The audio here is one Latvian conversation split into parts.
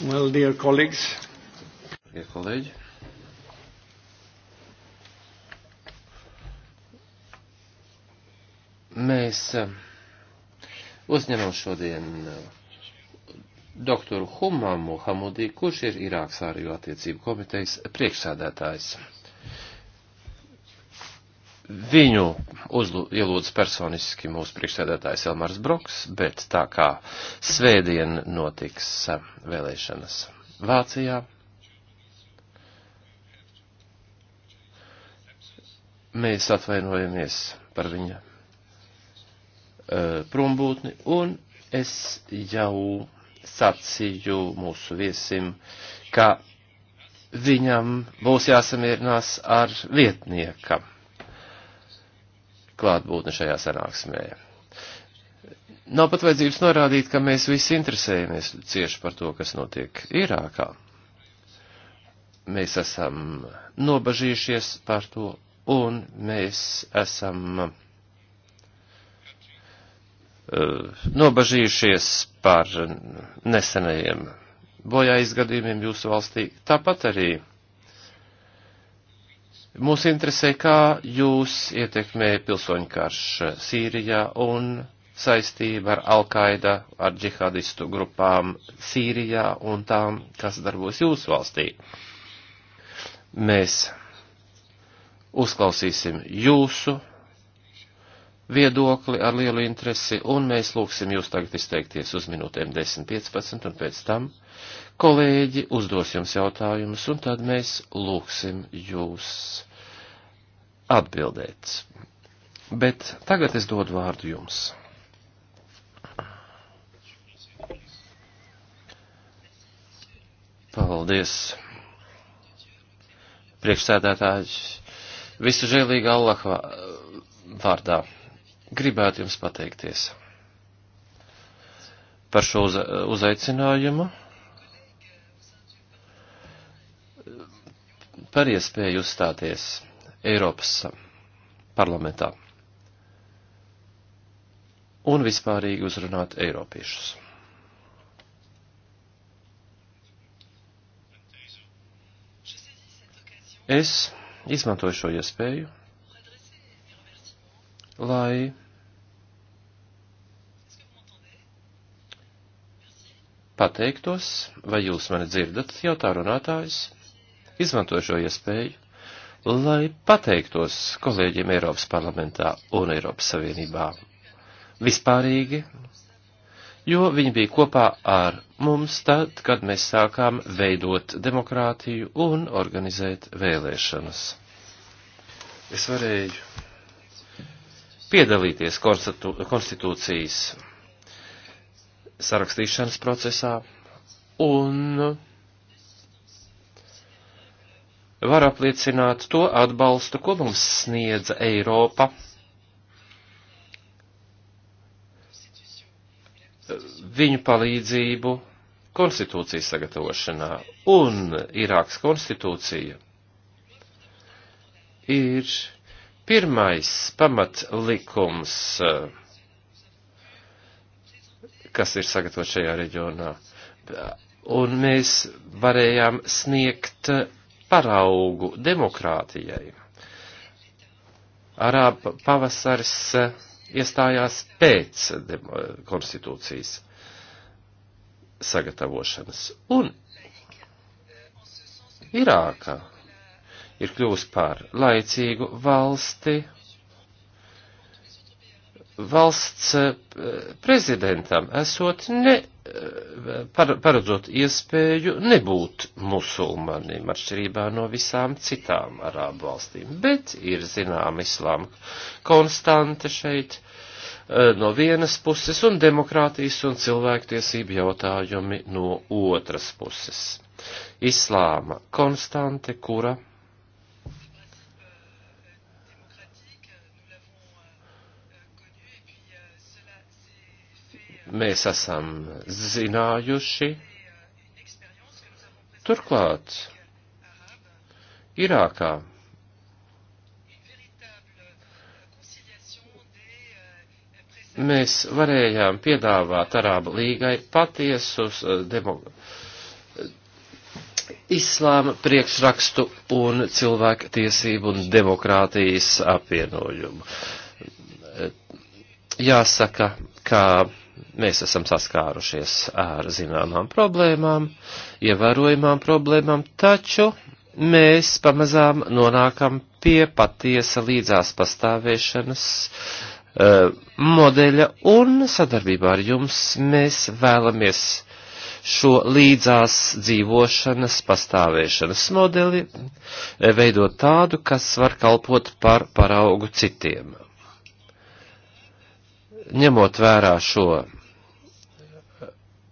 Well, dear colleagues. Dear kolēģi. Mēs eh, uzņemam šodien eh, doktoru Humamu Hamudī, kurš ir Irāks ārējo attiecību komitejas priekšsādātājs. Viņu uzlu, ielūdz personiski mūsu priekšsēdētājs Elmars Broks, bet tā kā svētdien notiks eh, vēlēšanas Vācijā, mēs atvainojamies par viņa uh, prombūtni, un es jau sacīju mūsu viesim, ka viņam būs jāsamierinās ar vietnieka klātbūtne šajā sanāksmē. Nav pat vajadzības norādīt, ka mēs visi interesējamies cieši par to, kas notiek Irākā. Mēs esam nobažījušies par to, un mēs esam uh, nobažījušies par nesenajiem bojā izgadījumiem jūsu valstī. Tāpat arī Mūs interesē, kā jūs ietekmē pilsoņu karš Sīrijā un saistība ar Alkaida, ar džihadistu grupām Sīrijā un tām, kas darbos jūsu valstī. Mēs uzklausīsim jūsu viedokli ar lielu interesi, un mēs lūgsim jūs tagad izteikties uz minūtēm 10-15, un pēc tam kolēģi uzdos jums jautājumus, un tad mēs lūksim jūs atbildēt. Bet tagad es dodu vārdu jums. Paldies, priekšsēdētāji, visu žēlīgu Allaha vārdā. Gribētu jums pateikties par šo uzaicinājumu par iespēju uzstāties Eiropas parlamentā un vispārīgi uzrunāt Eiropiešus. Es izmantoju šo iespēju, lai pateiktos, vai jūs mani dzirdat, jautā runātājs izmantoju šo iespēju, lai pateiktos kolēģiem Eiropas parlamentā un Eiropas Savienībā vispārīgi, jo viņi bija kopā ar mums tad, kad mēs sākām veidot demokrātiju un organizēt vēlēšanas. Es varēju piedalīties konstitū konstitūcijas sarakstīšanas procesā un var apliecināt to atbalstu, ko mums sniedza Eiropa. viņu palīdzību konstitūcijas sagatavošanā. Un Irākas konstitūcija ir pirmais pamatlikums, kas ir sagatavots šajā reģionā. Un mēs varējām sniegt paraugu demokrātijai. Arāba pavasars eh, iestājās pēc konstitūcijas sagatavošanas. Un Irākā ir kļūst par laicīgu valsti valsts eh, prezidentam esot ne, eh, paredzot iespēju nebūt musulmanim, atšķirībā no visām citām arābu valstīm, bet ir zinām islāma konstante šeit eh, no vienas puses un demokrātijas un cilvēktiesību jautājumi no otras puses. Islāma konstante, kura mēs esam zinājuši. Turklāt, Irākā mēs varējām piedāvāt Arābu līgai patiesus eh, demo, islāma priekšrakstu un cilvēku tiesību un demokrātijas apvienojumu. Eh, jāsaka, ka mēs esam saskārušies ar zināmām problēmām, ievērojumām problēmām, taču mēs pamazām nonākam pie patiesa līdzās pastāvēšanas uh, modeļa un sadarbībā ar jums mēs vēlamies šo līdzās dzīvošanas pastāvēšanas modeli e, veidot tādu, kas var kalpot par paraugu citiem ņemot vērā šo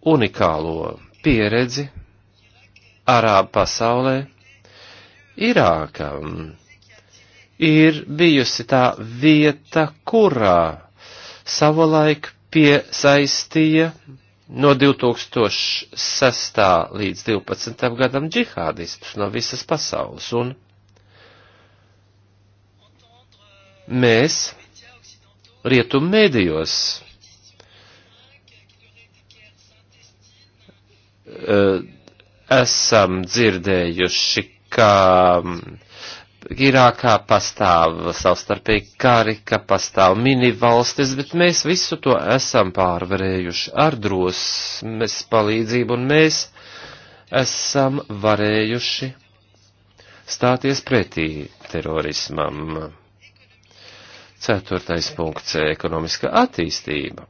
unikālo pieredzi Arābu pasaulē, Irāka ir bijusi tā vieta, kurā savulaik piesaistīja no 2006. līdz 12. gadam džihādistus no visas pasaules, un mēs rietumu mēdījos. Eh, esam dzirdējuši, ka mm, Irākā pastāv savstarpīgi kari, ka pastāv mini valstis, bet mēs visu to esam pārvarējuši ar drosmes palīdzību, un mēs esam varējuši stāties pretī terorismam. Ceturtais punkts - ekonomiskā attīstība.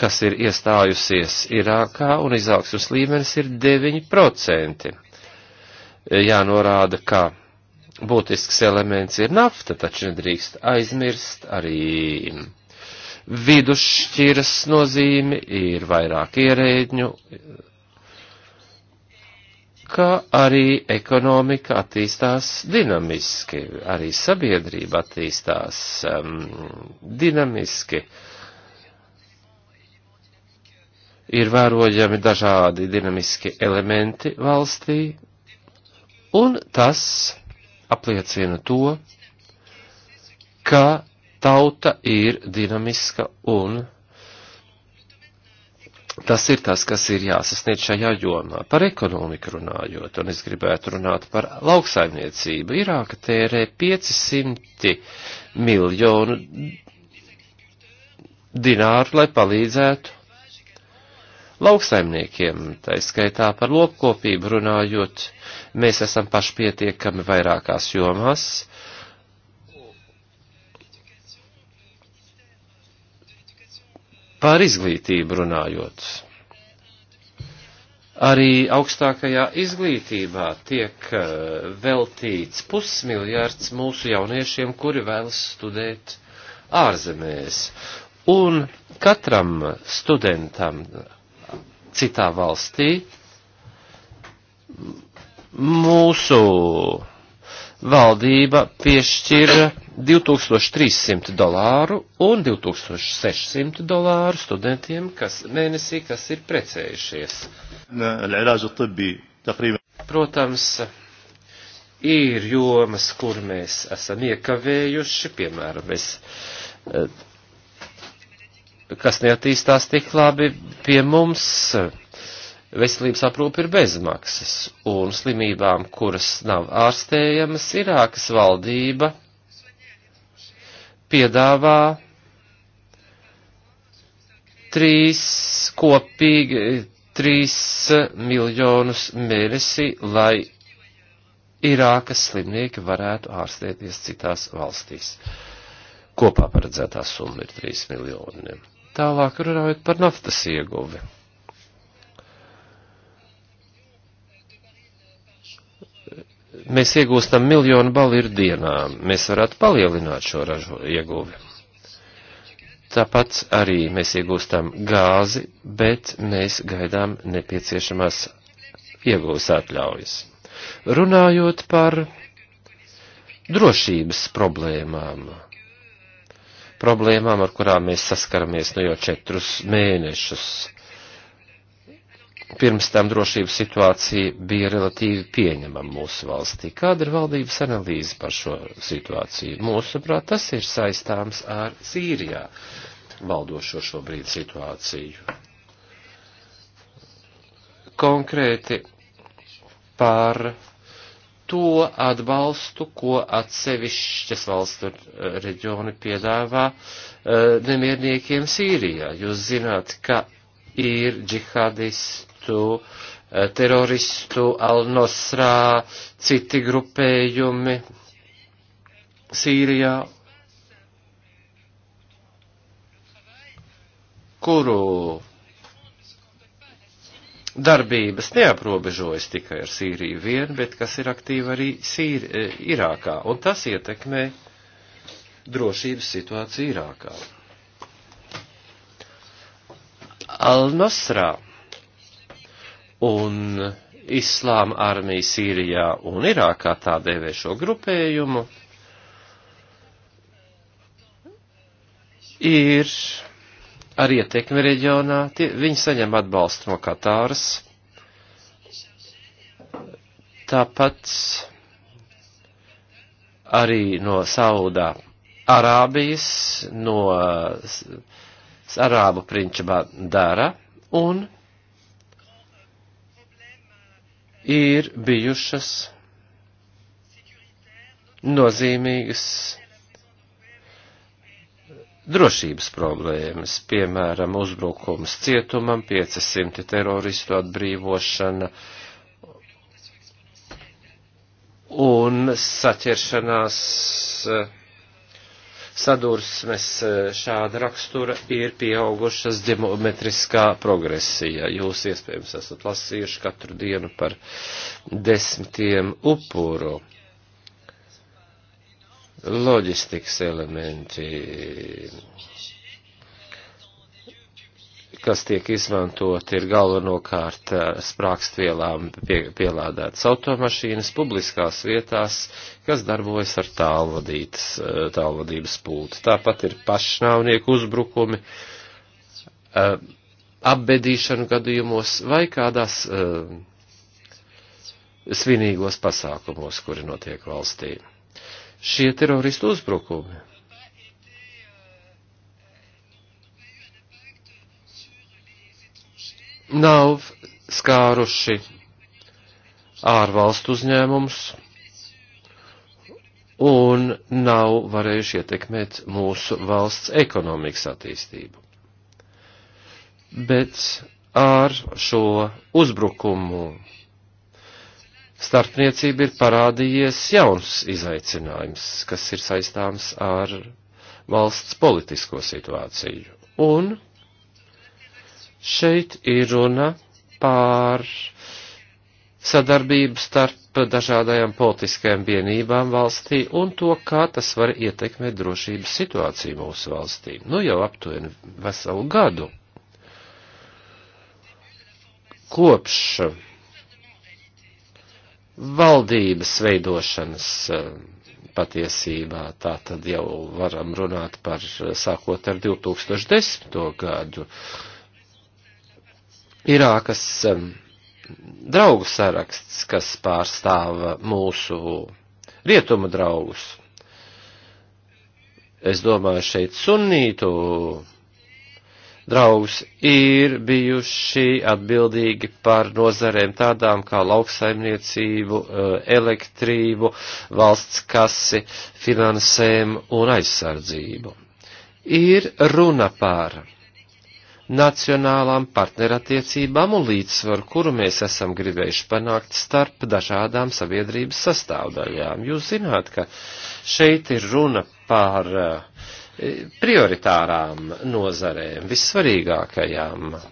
kas ir iestājusies Irākā un izaugsmas līmenis ir 9%. Jānorāda, ka būtisks elements ir nafta, taču nedrīkst aizmirst arī vidusšķiras nozīmi, ir vairāk ierēģņu, ka arī ekonomika attīstās dinamiski, arī sabiedrība attīstās um, dinamiski. Ir vērojami dažādi dinamiski elementi valstī, un tas apliecina to, ka tauta ir dinamiska un dinamiska Tas ir tas, kas ir jāsasniedz šajā jomā. Par ekonomiku runājot, un es gribētu runāt par lauksaimniecību. Irāka tērē 500 miljonu dināru, lai palīdzētu lauksaimniekiem, tā skaitā par lopkopību runājot, mēs esam pašpietiekami vairākās jomās, Par izglītību runājot. Arī augstākajā izglītībā tiek eh, veltīts pusmiljards mūsu jauniešiem, kuri vēlas studēt ārzemēs. Un katram studentam citā valstī mūsu valdība piešķira 2300 dolāru un 2600 dolāru studentiem, kas mēnesī, kas ir precējušies. Protams, ir jomas, kur mēs esam iekavējuši, piemēram, es, eh, kas neattīstās tik labi pie mums veselības aprūpe ir bezmaksas, un slimībām, kuras nav ārstējamas, Irākas valdība piedāvā trīs kopīgi trīs miljonus mēnesī, lai Irākas slimnieki varētu ārstēties citās valstīs. Kopā paredzētā summa ir 3 miljoni. Tālāk runājot par naftas ieguvi. mēs iegūstam miljonu balvu dienā. Mēs varētu palielināt šo ražu ieguvi. Tāpat arī mēs iegūstam gāzi, bet mēs gaidām nepieciešamās iegūs atļaujas. Runājot par drošības problēmām, problēmām, ar kurām mēs saskaramies nu jau četrus mēnešus pirms tam drošības situācija bija relatīvi pieņemama mūsu valstī. Kāda ir valdības analīze par šo situāciju? Mūsuprāt, tas ir saistāms ar Sīrijā valdošo šobrīd situāciju. Konkrēti par to atbalstu, ko atsevišķas valstu reģioni piedāvā eh, nemierniekiem Sīrijā. Jūs zināt, ka ir džihadisti teroristu, eh, teroristu Al-Nosrā, citi grupējumi Sīrijā, kuru darbības neaprobežojas tikai ar Sīriju vien, bet kas ir aktīva arī Sīri, eh, Irākā, un tas ietekmē drošības situāciju Irākā. Al-Nosrā un Islāma armija Sīrijā un Irākā tā dēvē šo grupējumu, ir ar ietekmi reģionā, tie, viņi saņem atbalstu no Katāras, tāpat arī no Saudā Arābijas, no Arābu prinča Bandara un ir bijušas nozīmīgas drošības problēmas, piemēram, uzbrukums cietumam, 500 teroristu atbrīvošana un saķeršanās uh, sadursmes e, šāda rakstura ir pieaugušas geometriskā progresija. Jūs iespējams esat lasījuši katru dienu par desmitiem upuru. Loģistikas elementi kas tiek izmantot, ir galvenokārt eh, sprākstvielām pie, pielādētas automašīnas publiskās vietās, kas darbojas ar eh, tālvadības pultu. Tāpat ir pašnāvnieku uzbrukumi, eh, apbedīšanu gadījumos vai kādās svinīgos pasākumos, kuri notiek valstī. Šie teroristu uzbrukumi nav skāruši ārvalstu uzņēmumus un nav varējuši ietekmēt mūsu valsts ekonomikas attīstību. Bet ar šo uzbrukumu starpniecība ir parādījies jauns izaicinājums, kas ir saistāms ar valsts politisko situāciju. Un Šeit ir runa pār sadarbību starp dažādajām politiskajām vienībām valstī un to, kā tas var ietekmēt drošības situāciju mūsu valstī. Nu jau aptuveni veselu gadu. Kopš valdības veidošanas eh, patiesībā tā tad jau varam runāt par sākot ar 2010. gadu Irākas um, draugu saraksts, kas pārstāv mūsu rietumu draugus. Es domāju, šeit sunītu draugs ir bijuši atbildīgi par nozarēm tādām kā lauksaimniecību, uh, elektrību, valsts kasi, finansēm un aizsardzību. Ir runa par nacionālām partnerattiecībām un līdzsvaru, kuru mēs esam gribējuši panākt starp dažādām sabiedrības sastāvdaļām. Jūs zināt, ka šeit ir runa par eh, prioritārām nozarēm, vissvarīgākajām eh,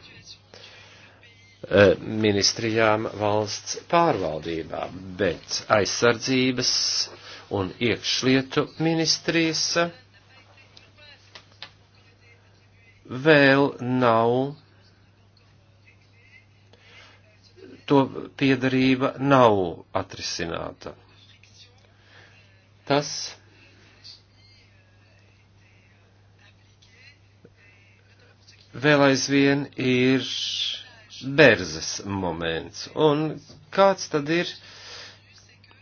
ministrijām valsts pārvaldībā, bet aizsardzības un iekšlietu ministrijas vēl nav, to piedarība nav atrisināta. Tas vēl aizvien ir berzes moments. Un kāds tad ir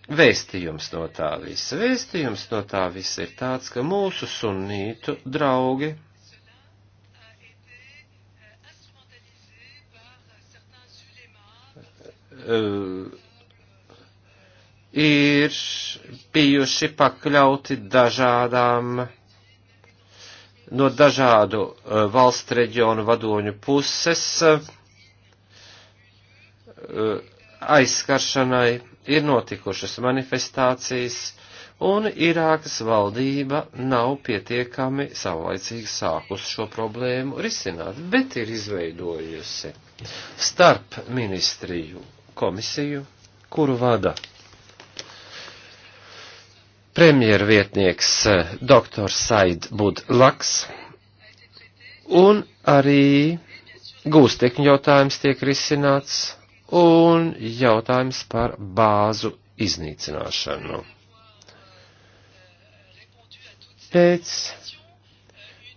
vēstījums no tā visa? Vēstījums no tā visa ir tāds, ka mūsu sunītu draugi Eh, ir bijuši pakļauti dažādām no dažādu eh, valstu reģionu vadoņu puses eh, aizskaršanai ir notikušas manifestācijas, un Irākas valdība nav pietiekami savlaicīgi sākus šo problēmu risināt, bet ir izveidojusi starp ministriju komisiju, kuru vada premjervietnieks eh, dr. Said Budlaks, un arī gūstekņu jautājums tiek risināts, un jautājums par bāzu iznīcināšanu. Pēc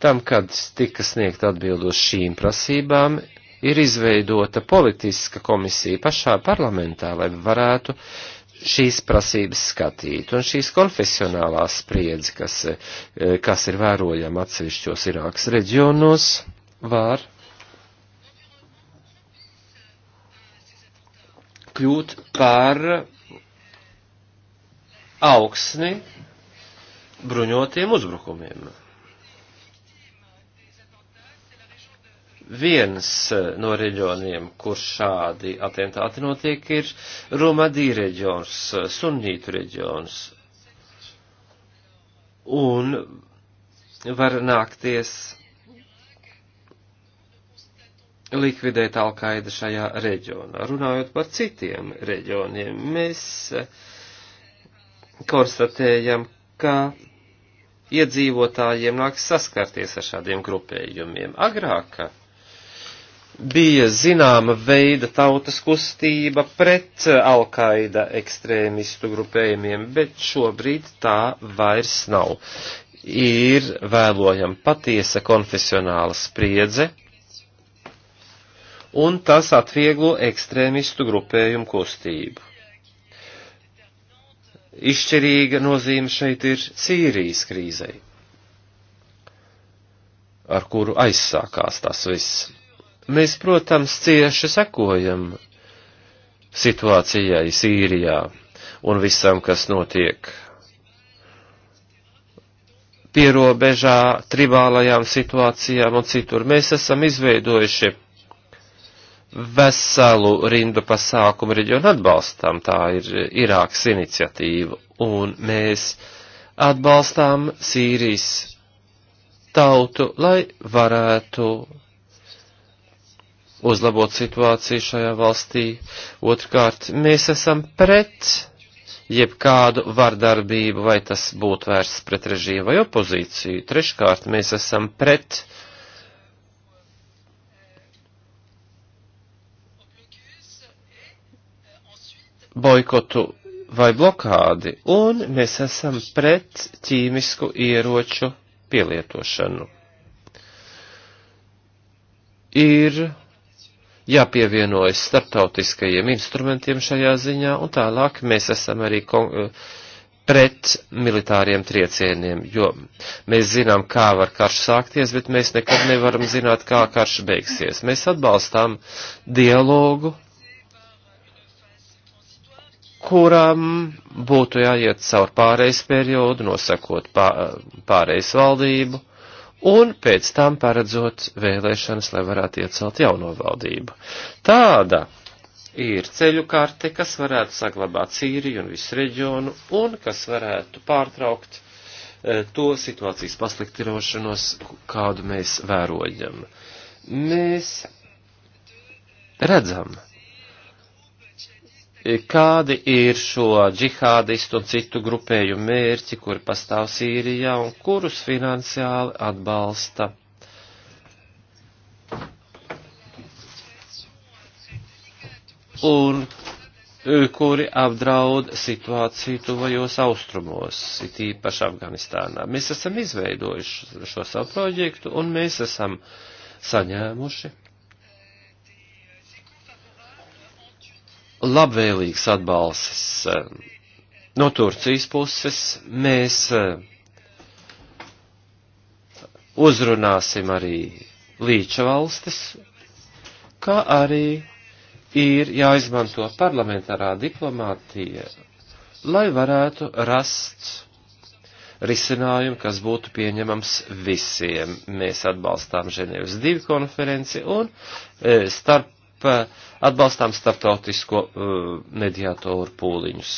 tam, kad tika sniegt atbild uz šīm prasībām, ir izveidota politiska komisija pašā parlamentā, lai varētu šīs prasības skatīt, un šīs konfesionālās spriedzi, kas, e, kas ir vērojama atsevišķos Irākas reģionos, var kļūt par augsni bruņotiem uzbrukumiem. Viens eh, no reģioniem, kur šādi atentāti notiek, ir Romadī reģions, eh, Sunnītu reģions. Un var nākties likvidēt Alkaida šajā reģionā. Runājot par citiem reģioniem, mēs eh, konstatējam, ka iedzīvotājiem nāk saskarties ar šādiem grupējumiem. Agrāk bija zināma veida tautas kustība pret Alkaida ekstrēmistu grupējumiem, bet šobrīd tā vairs nav. Ir vēlojama patiesa konfesionāla spriedze, un tas atvieglo ekstrēmistu grupējumu kustību. Izšķirīga nozīme šeit ir Sīrijas krīzei, ar kuru aizsākās tas viss Mēs, protams, cieši sekojam situācijai Sīrijā un visam, kas notiek pierobežā, tribālajām situācijām un citur. Mēs esam izveidojuši veselu rindu pasākumu reģionu atbalstām, tā ir Irākas iniciatīva, un mēs atbalstām Sīrijas tautu, lai varētu uzlabot situāciju šajā valstī. Otrkārt, mēs esam pret jebkādu vardarbību, vai tas būtu vērsts pret režīmu vai opozīciju. Treškārt, mēs esam pret boikotu vai blokādi, un mēs esam pret ķīmisku ieroču pielietošanu. Ir jāpievienojas starptautiskajiem instrumentiem šajā ziņā, un tālāk mēs esam arī pret militāriem triecieniem, jo mēs zinām, kā var karš sākties, bet mēs nekad nevaram zināt, kā karš beigsies. Mēs atbalstām dialogu, kuram būtu jāiet caur pārejas periodu, nosakot pārejas valdību, un pēc tam paredzot vēlēšanas, lai varētu iecelt jauno valdību. Tāda ir ceļu karte, kas varētu saglabāt Sīriju un visu reģionu, un kas varētu pārtraukt e, to situācijas pasliktinošanos, kādu mēs vērojam. Mēs redzam, kādi ir šo džihādistu un citu grupējumu mērķi, kuri pastāv Sīrijā un kurus finansiāli atbalsta. Un e, kuri apdraud situāciju tuvajos austrumos, it īpaši Afganistānā. Mēs esam izveidojuši šo savu projektu un mēs esam saņēmuši labvēlīgs atbalsts eh, no Turcijas puses. Mēs eh, uzrunāsim arī līča valstis, kā arī ir jāizmanto parlamentārā diplomātija, lai varētu rast risinājumu, kas būtu pieņemams visiem. Mēs atbalstām Ženevas divu konferenci un e, starp starp, atbalstām starptautisko uh, mediātoru pūliņus.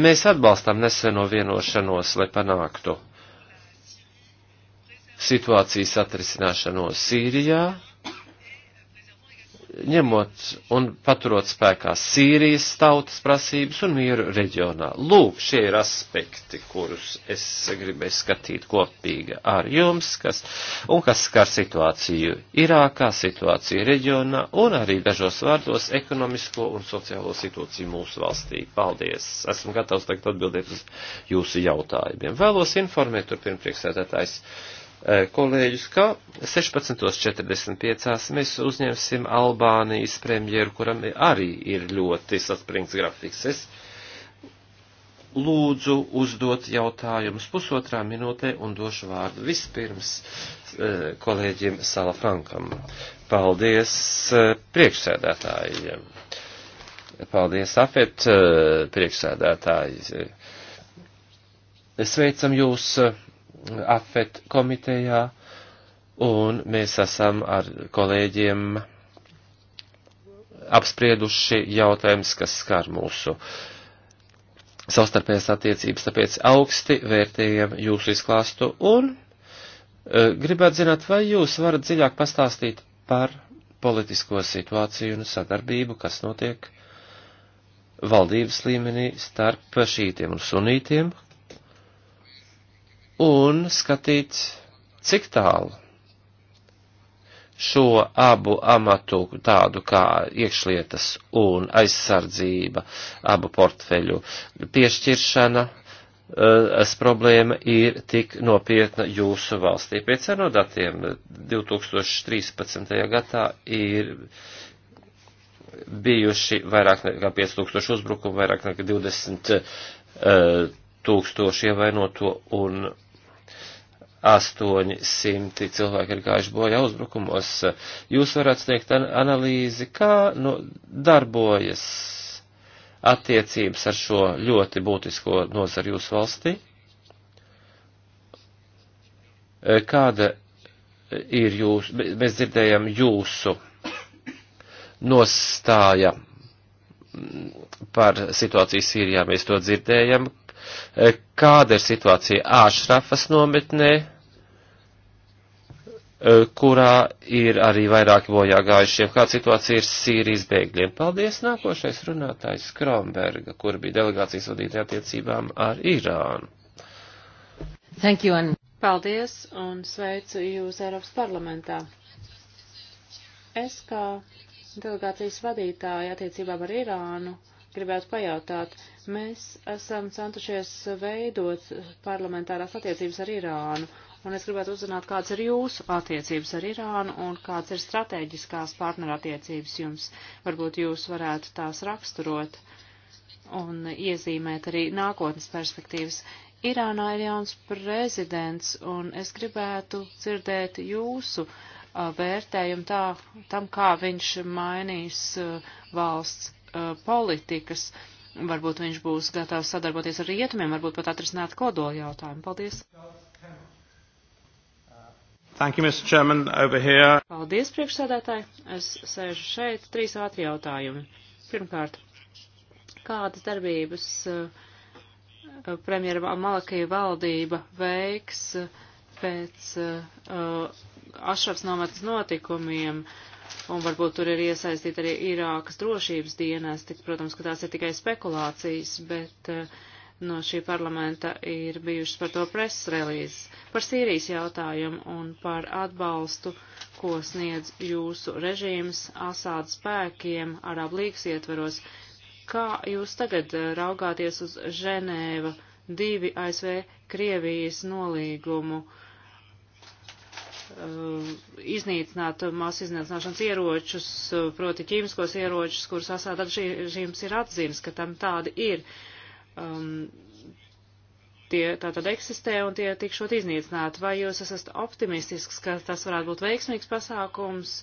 Mēs atbalstām neseno vienošanos, lai panāktu situācijas atrisināšanos Sīrijā, ņemot un paturot spēkā Sīrijas tautas prasības un mieru reģionā. Lūk, šie ir aspekti, kurus es gribēju skatīt kopīgi ar jums, kas, un kas skar situāciju Irākā, situāciju reģionā un arī dažos vārdos ekonomisko un sociālo situāciju mūsu valstī. Paldies! Esmu gatavs tagad atbildēt uz jūsu jautājumiem. Vēlos informēt turpinpriekšsēdētājs Eh, kolēģus, ka 16.45 mēs uzņemsim Albānijas premjeru, kuram arī ir ļoti saspringts grafiks. Es lūdzu uzdot jautājumus pusotrā minūtē un došu vārdu vispirms eh, kolēģim Salafrankam. Paldies eh, priekšsēdētājiem. Paldies, Afet, priekšsēdētāji. Sveicam jūs. Uh, AFET komitejā, un mēs esam ar kolēģiem apsprieduši jautājums, kas skar mūsu savstarpējās attiecības, tāpēc augsti vērtējam jūsu izklāstu un e, gribētu zināt, vai jūs varat dziļāk pastāstīt par politisko situāciju un sadarbību, kas notiek valdības līmenī starp šītiem un sunītiem, un skatīt, cik tālu šo abu amatu, tādu kā iekšlietas un aizsardzība, abu portfeļu piešķiršana, eh, es problēma ir tik nopietna jūsu valstī. Pēc ANO datiem 2013. gadā ir bijuši vairāk nekā 5000 uzbrukumu, vairāk nekā 20 eh, tūkstoši ievainoto un 800 cilvēki ir gājuši bojā uzbrukumos. Jūs varat sniegt analīzi, kā no, nu, darbojas attiecības ar šo ļoti būtisko nozaru jūsu valstī? Eh, kāda ir jūsu, mēs dzirdējam jūsu nostāja mm, par situāciju Sīrijā, mēs to dzirdējam. Eh, kāda ir situācija Āšrafas nometnē? E, kurā ir arī vairāki bojā gājušie. Kāda situācija ir Sīrijas bēgļiem? Paldies, nākošais runātājs Kronberga, kur bija delegācijas vadītāja attiecībām ar Irānu. Thank you, and... Paldies un sveicu jūs Eiropas parlamentā. Es kā delegācijas vadītāja attiecībām ar Irānu gribētu pajautāt, mēs esam centušies veidot parlamentārās attiecības ar Irānu un es gribētu uzzināt, kāds ir jūsu attiecības ar Irānu un kāds ir strateģiskās partnerattiecības jums. Varbūt jūs varētu tās raksturot un iezīmēt arī nākotnes perspektīvas. Irānā ir jauns prezidents, un es gribētu dzirdēt jūsu a, vērtējumu tā, tam, kā viņš mainīs a, valsts a, politikas. Varbūt viņš būs gatavs sadarboties ar rietumiem, varbūt pat atrisināt kodola jautājumu. Paldies! Jā. Thank you, Mr. Chairman, over here. Paldies, priekšsēdētāji. Es sēžu šeit. Trīs ātri jautājumi. Pirmkārt, kādas darbības eh, premjera Malakija valdība veiks eh, pēc uh, eh, Ašrafs nometnes notikumiem? Un varbūt tur ir iesaistīti arī Irākas drošības dienesti. Protams, ka tās ir tikai spekulācijas, bet uh, no šī parlamenta ir bijušas par to preses relīzes, par Sīrijas jautājumu un par atbalstu, ko sniedz jūsu režīms Asāda spēkiem Arab līgas ietveros. Kā jūs tagad eh, raugāties uz Ženēva divi ASV Krievijas nolīgumu uh, iznīcināt masu iznīcināšanas ieročus, eh, proti ķīmiskos ieročus, kurus Asāda režīms ir atzīmes, ka tam tādi ir. Uh, um, tie tātad eksistē un tie tikšot iznīcināti. Vai jūs esat optimistisks, ka tas varētu būt veiksmīgs pasākums,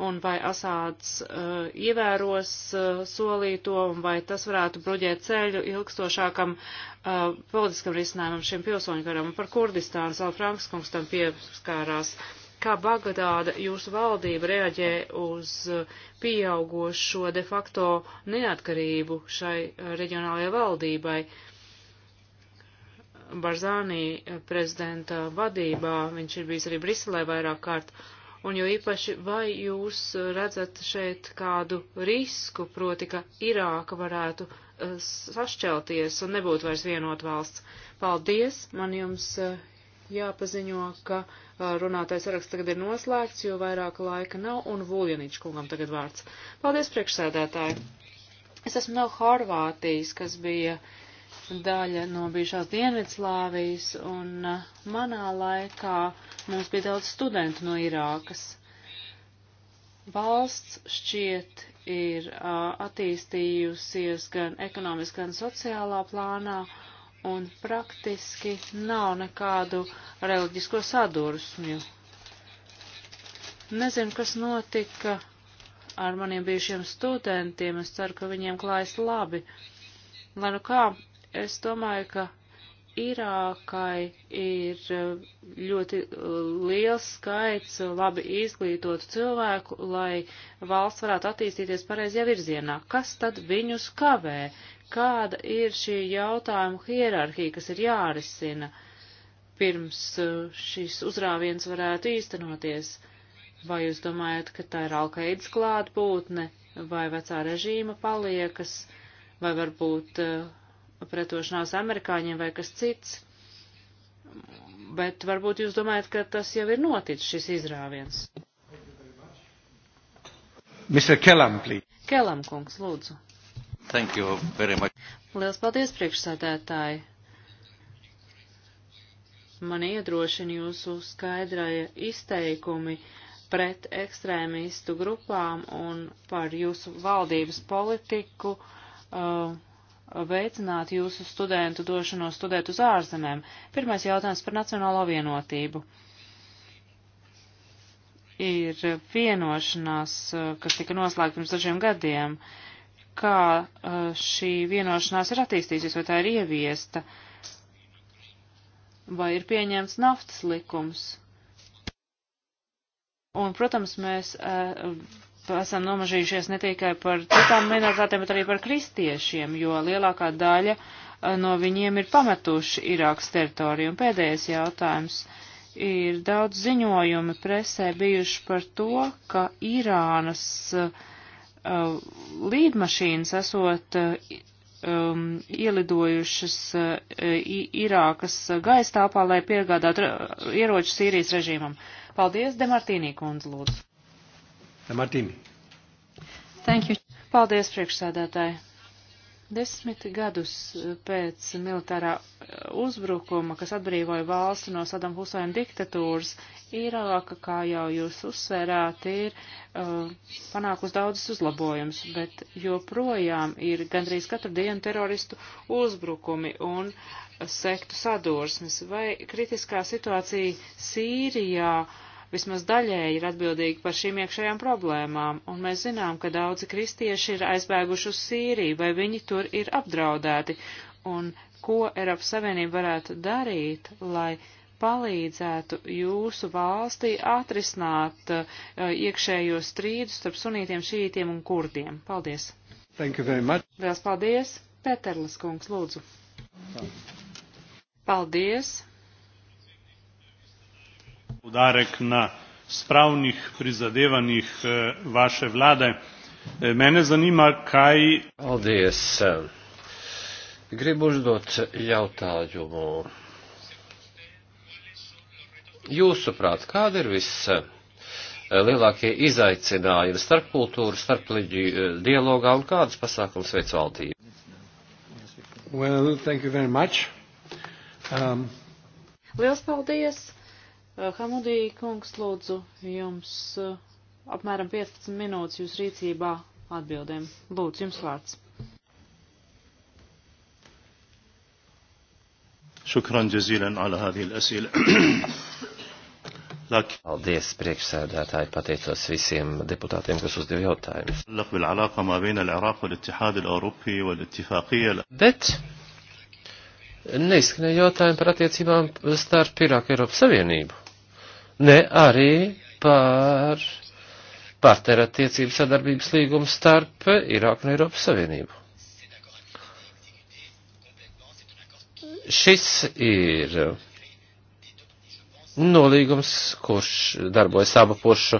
un vai Asāds uh, ievēros uh, solīto, un vai tas varētu bruģēt ceļu ilgstošākam uh, politiskam risinājumam šim pilsoņu karam, par Kurdistānu, Zalfrankskungs tam pieskārās. Uh, kā Bagdāda jūsu valdība reaģē uz uh, pieaugošo de facto neatkarību šai uh, reģionālajai valdībai. Barzānī uh, prezidenta vadībā, viņš ir bijis arī Briselē vairāk kārt, un jo īpaši vai jūs redzat šeit kādu risku, proti, ka Irāka varētu sašķelties un nebūtu vairs vienot valsts. Paldies, man jums jāpaziņo, ka runātais saraksts tagad ir noslēgts, jo vairāk laika nav, un Vuljaniņš kungam tagad vārds. Paldies, priekšsēdētāji! Es esmu no Horvātijas, kas bija daļa no bijušās Dienvidslāvijas, un uh, manā laikā mums bija daudz studentu no Irākas. Valsts šķiet ir uh, attīstījusies gan ekonomiski, gan sociālā plānā, un praktiski nav nekādu reliģisko sadursmju. Nezinu, kas notika ar maniem bijušiem studentiem, es ceru, ka viņiem klājas labi. Lai nu kā, es domāju, ka Irākai ir eh, ļoti eh, liels skaits labi izglītotu cilvēku, lai valsts varētu attīstīties pareizajā virzienā. Kas tad viņus kavē? kāda ir šī jautājuma hierarhija, kas ir jārisina, pirms uh, šis uzrāviens varētu īstenoties. Vai jūs domājat, ka tā ir alkaidas klātbūtne, vai vecā režīma paliekas, vai varbūt uh, pretošanās amerikāņiem vai kas cits? Bet varbūt jūs domājat, ka tas jau ir noticis šis izrāviens. Mr. Kellam, please. Kellam, kungs, lūdzu. Thank you very much. Liels paldies, priekšsādētāji. Man iedrošina jūsu skaidraja izteikumi pret ekstrēmistu grupām un par jūsu valdības politiku uh, veicināt jūsu studentu došanos studēt uz ārzemēm. Pirmais jautājums par nacionālo vienotību. Ir vienošanās, uh, kas tika noslēgta pirms dažiem gadiem. Uh, kā uh, šī vienošanās ir attīstījusies, vai tā ir ieviesta, vai ir pieņemts naftas likums. Un, protams, mēs uh, esam nomažījušies ne tikai par citām minoritātēm, bet arī par kristiešiem, jo lielākā daļa uh, no viņiem ir pametuši Irākas teritoriju. Un pēdējais jautājums. Ir daudz ziņojumi presē bijuši par to, ka Irānas uh, uh, līdmašīnas esot uh, um, ielidojušas uh, Irākas gaisa telpā, lai piegādātu uh, ieroču Sīrijas režīmam. Paldies, Demartīnī kundze, lūdzu. Demartīnī. Thank you. Paldies, priekšsēdētāji. Desmit gadus eh, pēc militārā eh, uzbrukuma, kas atbrīvoja valsti no Sadam Husaina diktatūras, Irāka, kā jau jūs uzsvērāt, ir uh, panākusi daudzas uzlabojumus, bet joprojām ir gandrīz katru dienu teroristu uzbrukumi un sektu sadursmes. Vai kritiskā situācija Sīrijā uh, vismaz daļēji ir atbildīgi par šīm iekšējām problēmām, un mēs zinām, ka daudzi kristieši ir aizbēguši uz Sīriju, vai viņi tur ir apdraudēti, un ko Eiropas Savienība varētu darīt, lai palīdzētu jūsu valstī atrisināt uh, iekšējo strīdu starp sunītiem, šītiem un kurdiem. Paldies! Thank you very much! Vēlas paldies! Peterlis kungs, lūdzu! Paldies! Udarek na spravnih prizadevanjih eh, vaše vlade. Eh, mene zanima, kaj. Paldies. Gribu uzdot jautājumu. Jūsuprāt, kāda ir viss eh, lielākie izaicinājumi starp kultūru, starp liģu dialogā un kādas pasākums veic valdība? Well, thank you very much. Um... Liels paldies! Eh, Hamudī kungs, lūdzu, jums eh, apmēram 15 minūtes jūs rīcībā atbildēm. Lūdzu, jums vārds. شكرا جزيلا على هذه الأسئلة لكن Paldies, priekšsēdētāji, pateicos visiem deputātiem, kas uzdeva jautājumus. Bet neizskanēja jautājumi par attiecībām starp Irāku Eiropas Savienību ne arī par partnerattiecību sadarbības līgumu starp Irāku un Eiropas Savienību. Šis ir nolīgums, kurš darbojas abu pušu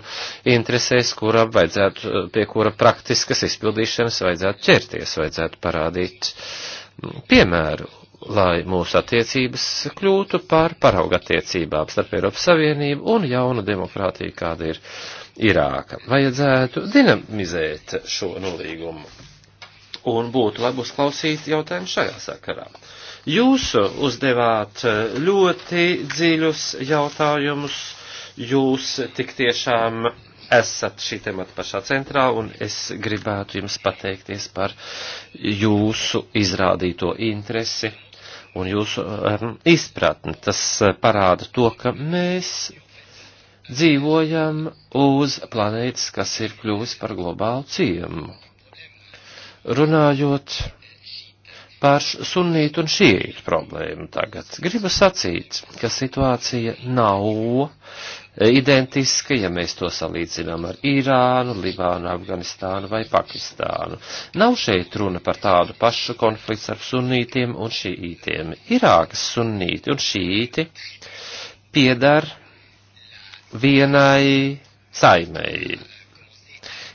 interesēs, kurā vajadzētu, pie kura praktiskas izpildīšanas vajadzētu ķerties, vajadzētu parādīt piemēru lai mūsu attiecības kļūtu par paraugattiecībām starp Eiropas Savienību un jaunu demokrātiju, kāda ir Irāka. Vajadzētu dinamizēt šo nolīgumu un būtu labi uzklausīt jautājumu šajā sakarā. Jūs uzdevāt ļoti dziļus jautājumus, jūs tik tiešām esat šī temata pašā centrā, un es gribētu jums pateikties par jūsu izrādīto interesi un jūsu um, izpratni. Tas eh, parāda to, ka mēs dzīvojam uz planētas, kas ir kļuvis par globālu ciemu. Runājot par sunnītu un šīītu problēmu tagad, gribu sacīt, ka situācija nav E, identiska, ja mēs to salīdzinām ar Irānu, Libānu, Afganistānu vai Pakistānu. Nav šeit runa par tādu pašu konflikts ar sunītiem un šīītiem. Irākas sunīti un šīīti piedar vienai saimēji.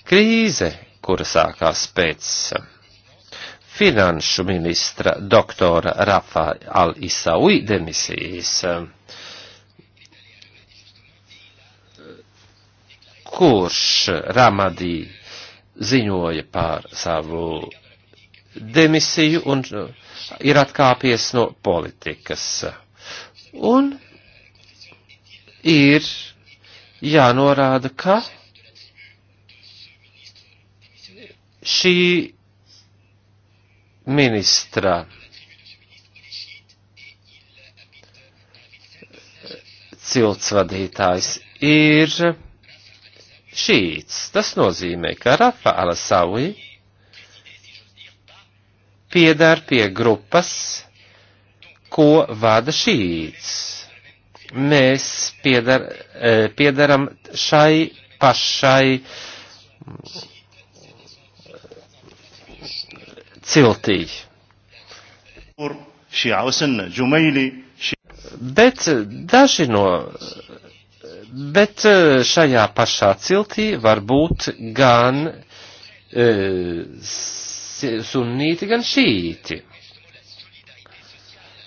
Krīze, kura sākās pēc finanšu ministra doktora Rafa Al-Isaui demisijas, kurš Ramadī ziņoja par savu demisiju un uh, ir atkāpies no politikas. Un ir jānorāda, ka šī ministra ciltsvadītājs ir šīts. Tas nozīmē, ka Rafa Alasaui piedar pie grupas, ko vada šīts. Mēs piedar, e, piedaram šai pašai ciltī. Bet daži no Bet eh, šajā pašā ciltī var būt gan e, sunnīti, gan šīti.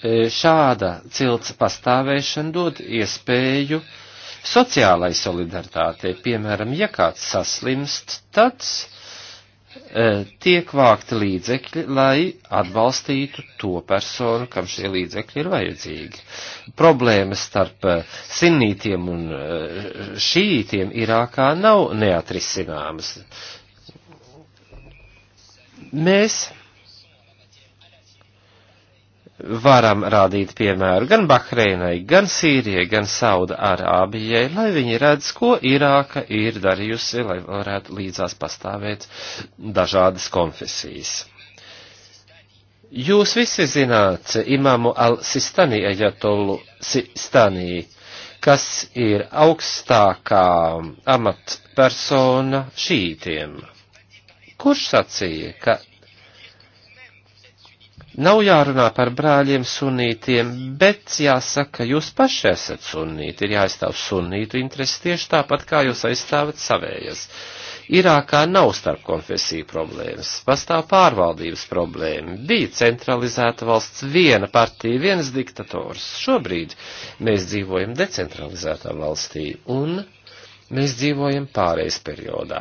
E, šāda cilts pastāvēšana dod iespēju sociālai solidaritātei. Piemēram, ja kāds saslimst, tad e, E, tiek vākti līdzekļi, lai atbalstītu to personu, kam šie līdzekļi ir vajadzīgi. Problēmas starp e, sinnītiem un e, šītiem Irākā nav neatrisināmas. Mēs varam rādīt piemēru gan Bahreinai, gan Sīrijai, gan Sauda Arābijai, lai viņi redz, ko Irāka ir darījusi, lai varētu līdzās pastāvēt dažādas konfesijas. Jūs visi zināt imāmu Al-Sistani Ejatolu Sistani, kas ir augstākā amatpersona šītiem, kurš sacīja, ka Nav jārunā par brāļiem sunītiem, bet jāsaka, jūs paši esat sunīti, ir jāaizstāv sunītu intereses tieši tāpat, kā jūs aizstāvat savējas. Irākā nav starp konfesiju problēmas, pastāv pārvaldības problēma, bija centralizēta valsts viena partija, viens diktators. Šobrīd mēs dzīvojam decentralizētā valstī un Mēs dzīvojam pārejas periodā.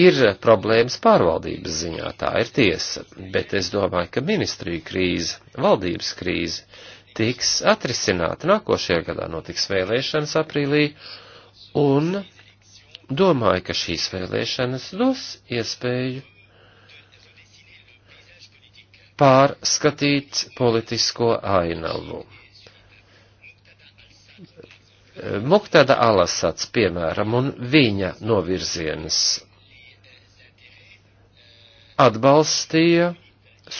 Ir problēmas pārvaldības ziņā, tā ir tiesa, bet es domāju, ka ministrija krīze, valdības krīze tiks atrisināta. Nākošajā gadā notiks vēlēšanas aprīlī, un domāju, ka šīs vēlēšanas dos iespēju pārskatīt politisko ainavu. Muktada Alasats, piemēram, un viņa novirzienas atbalstīja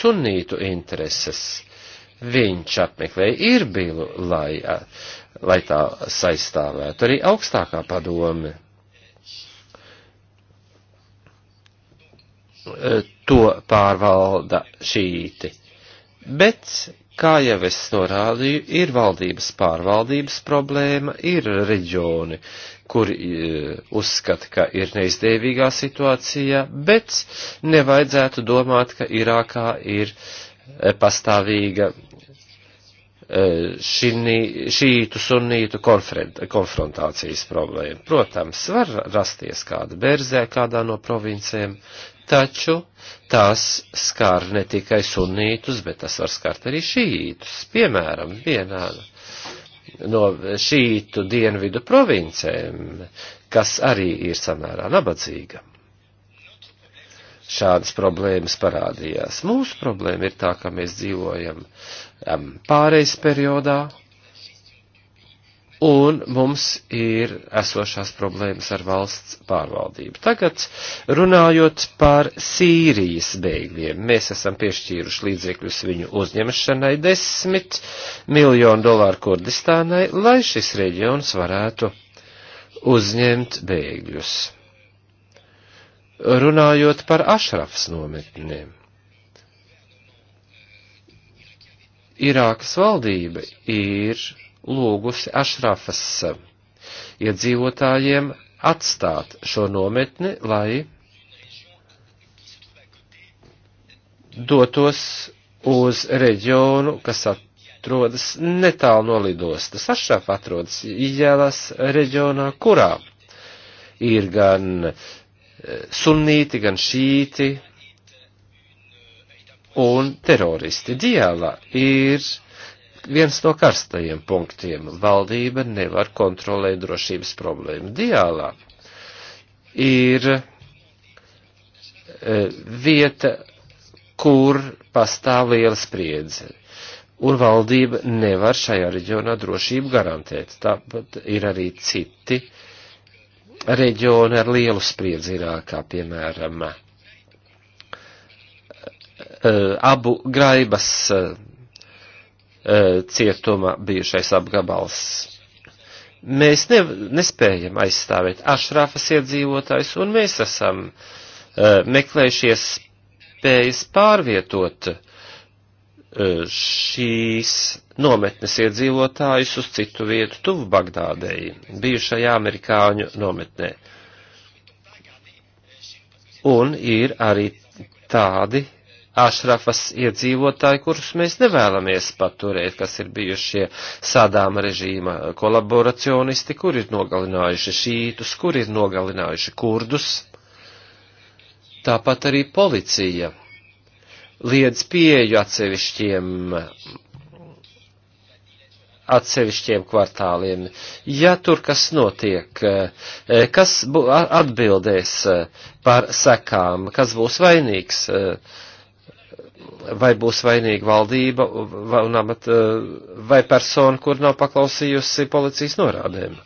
sunītu intereses. Viņš apmeklēja Irbilu, lai, lai tā saistāvētu arī augstākā padome. To pārvalda šīti. Bet kā jau es norādīju, ir valdības pārvaldības problēma, ir reģioni, kuri e, uzskata, ka ir neizdevīgā situācijā, bet nevajadzētu domāt, ka Irākā ir e, pastāvīga e, šītu sunītu konfrontācijas problēma. Protams, var rasties kāda berzē kādā no provincēm, taču tās skar ne tikai sunītus, bet tas var skart arī šītus. Piemēram, vienā no šītu dienvidu provincēm, kas arī ir samērā nabadzīga. Šādas problēmas parādījās. Mūsu problēma ir tā, ka mēs dzīvojam um, pārejas periodā, un mums ir esošās problēmas ar valsts pārvaldību. Tagad runājot par Sīrijas bēgļiem, mēs esam piešķīruši līdzekļus viņu uzņemšanai 10 miljonu dolāru Kurdistānai, lai šis reģions varētu uzņemt bēgļus. Runājot par Ašrafs nometnēm. Irākas valdība ir lūguši Ašrafas iedzīvotājiem atstāt šo nometni, lai dotos uz reģionu, kas atrodas netālu no lidostas. Ašrafa atrodas Ijēlas reģionā, kurā ir gan e, sunnīti, gan šīti un teroristi. Dijāla ir viens no karstajiem punktiem. Valdība nevar kontrolēt drošības problēmu. Diālā ir e, vieta, kur pastāv liela spriedze. Un valdība nevar šajā reģionā drošību garantēt. Tāpat ir arī citi reģioni ar lielu spriedzi Irākā, piemēram, e, e, abu graibas e, E, cietuma bijušais apgabals. Mēs ne, nespējam aizstāvēt ašrāfas iedzīvotājs, un mēs esam e, meklējušies spējas pārvietot e, šīs nometnes iedzīvotājus uz citu vietu tuvu Bagdādēji, bijušajā amerikāņu nometnē. Un ir arī tādi Ašrafas iedzīvotāji, kurus mēs nevēlamies paturēt, kas ir bijušie sadāma režīma kolaboracionisti, kur ir nogalinājuši šītus, kur ir nogalinājuši kurdus. Tāpat arī policija liedz pieeju atsevišķiem atsevišķiem kvartāliem. Ja tur kas notiek, eh, kas atbildēs eh, par sekām, kas būs vainīgs, eh, vai būs vainīga valdība un amat, eh, vai persona, kur nav paklausījusi policijas norādēm.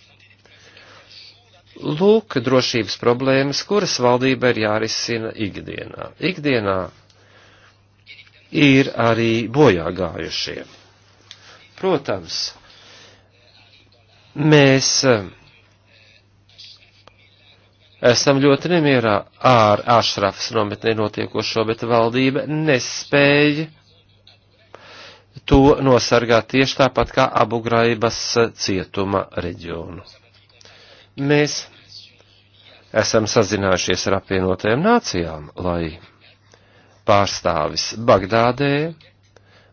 Lūk, drošības problēmas, kuras valdība ir jārisina ikdienā. Ikdienā ir arī bojā gājušie. Protams, mēs uh, esam ļoti nemierā ar Ašrafas nometnē notiekošo, bet valdība nespēja to nosargāt tieši tāpat kā Abu Graibas cietuma reģionu. Mēs esam sazinājušies ar apvienotajām nācijām, lai pārstāvis Bagdādē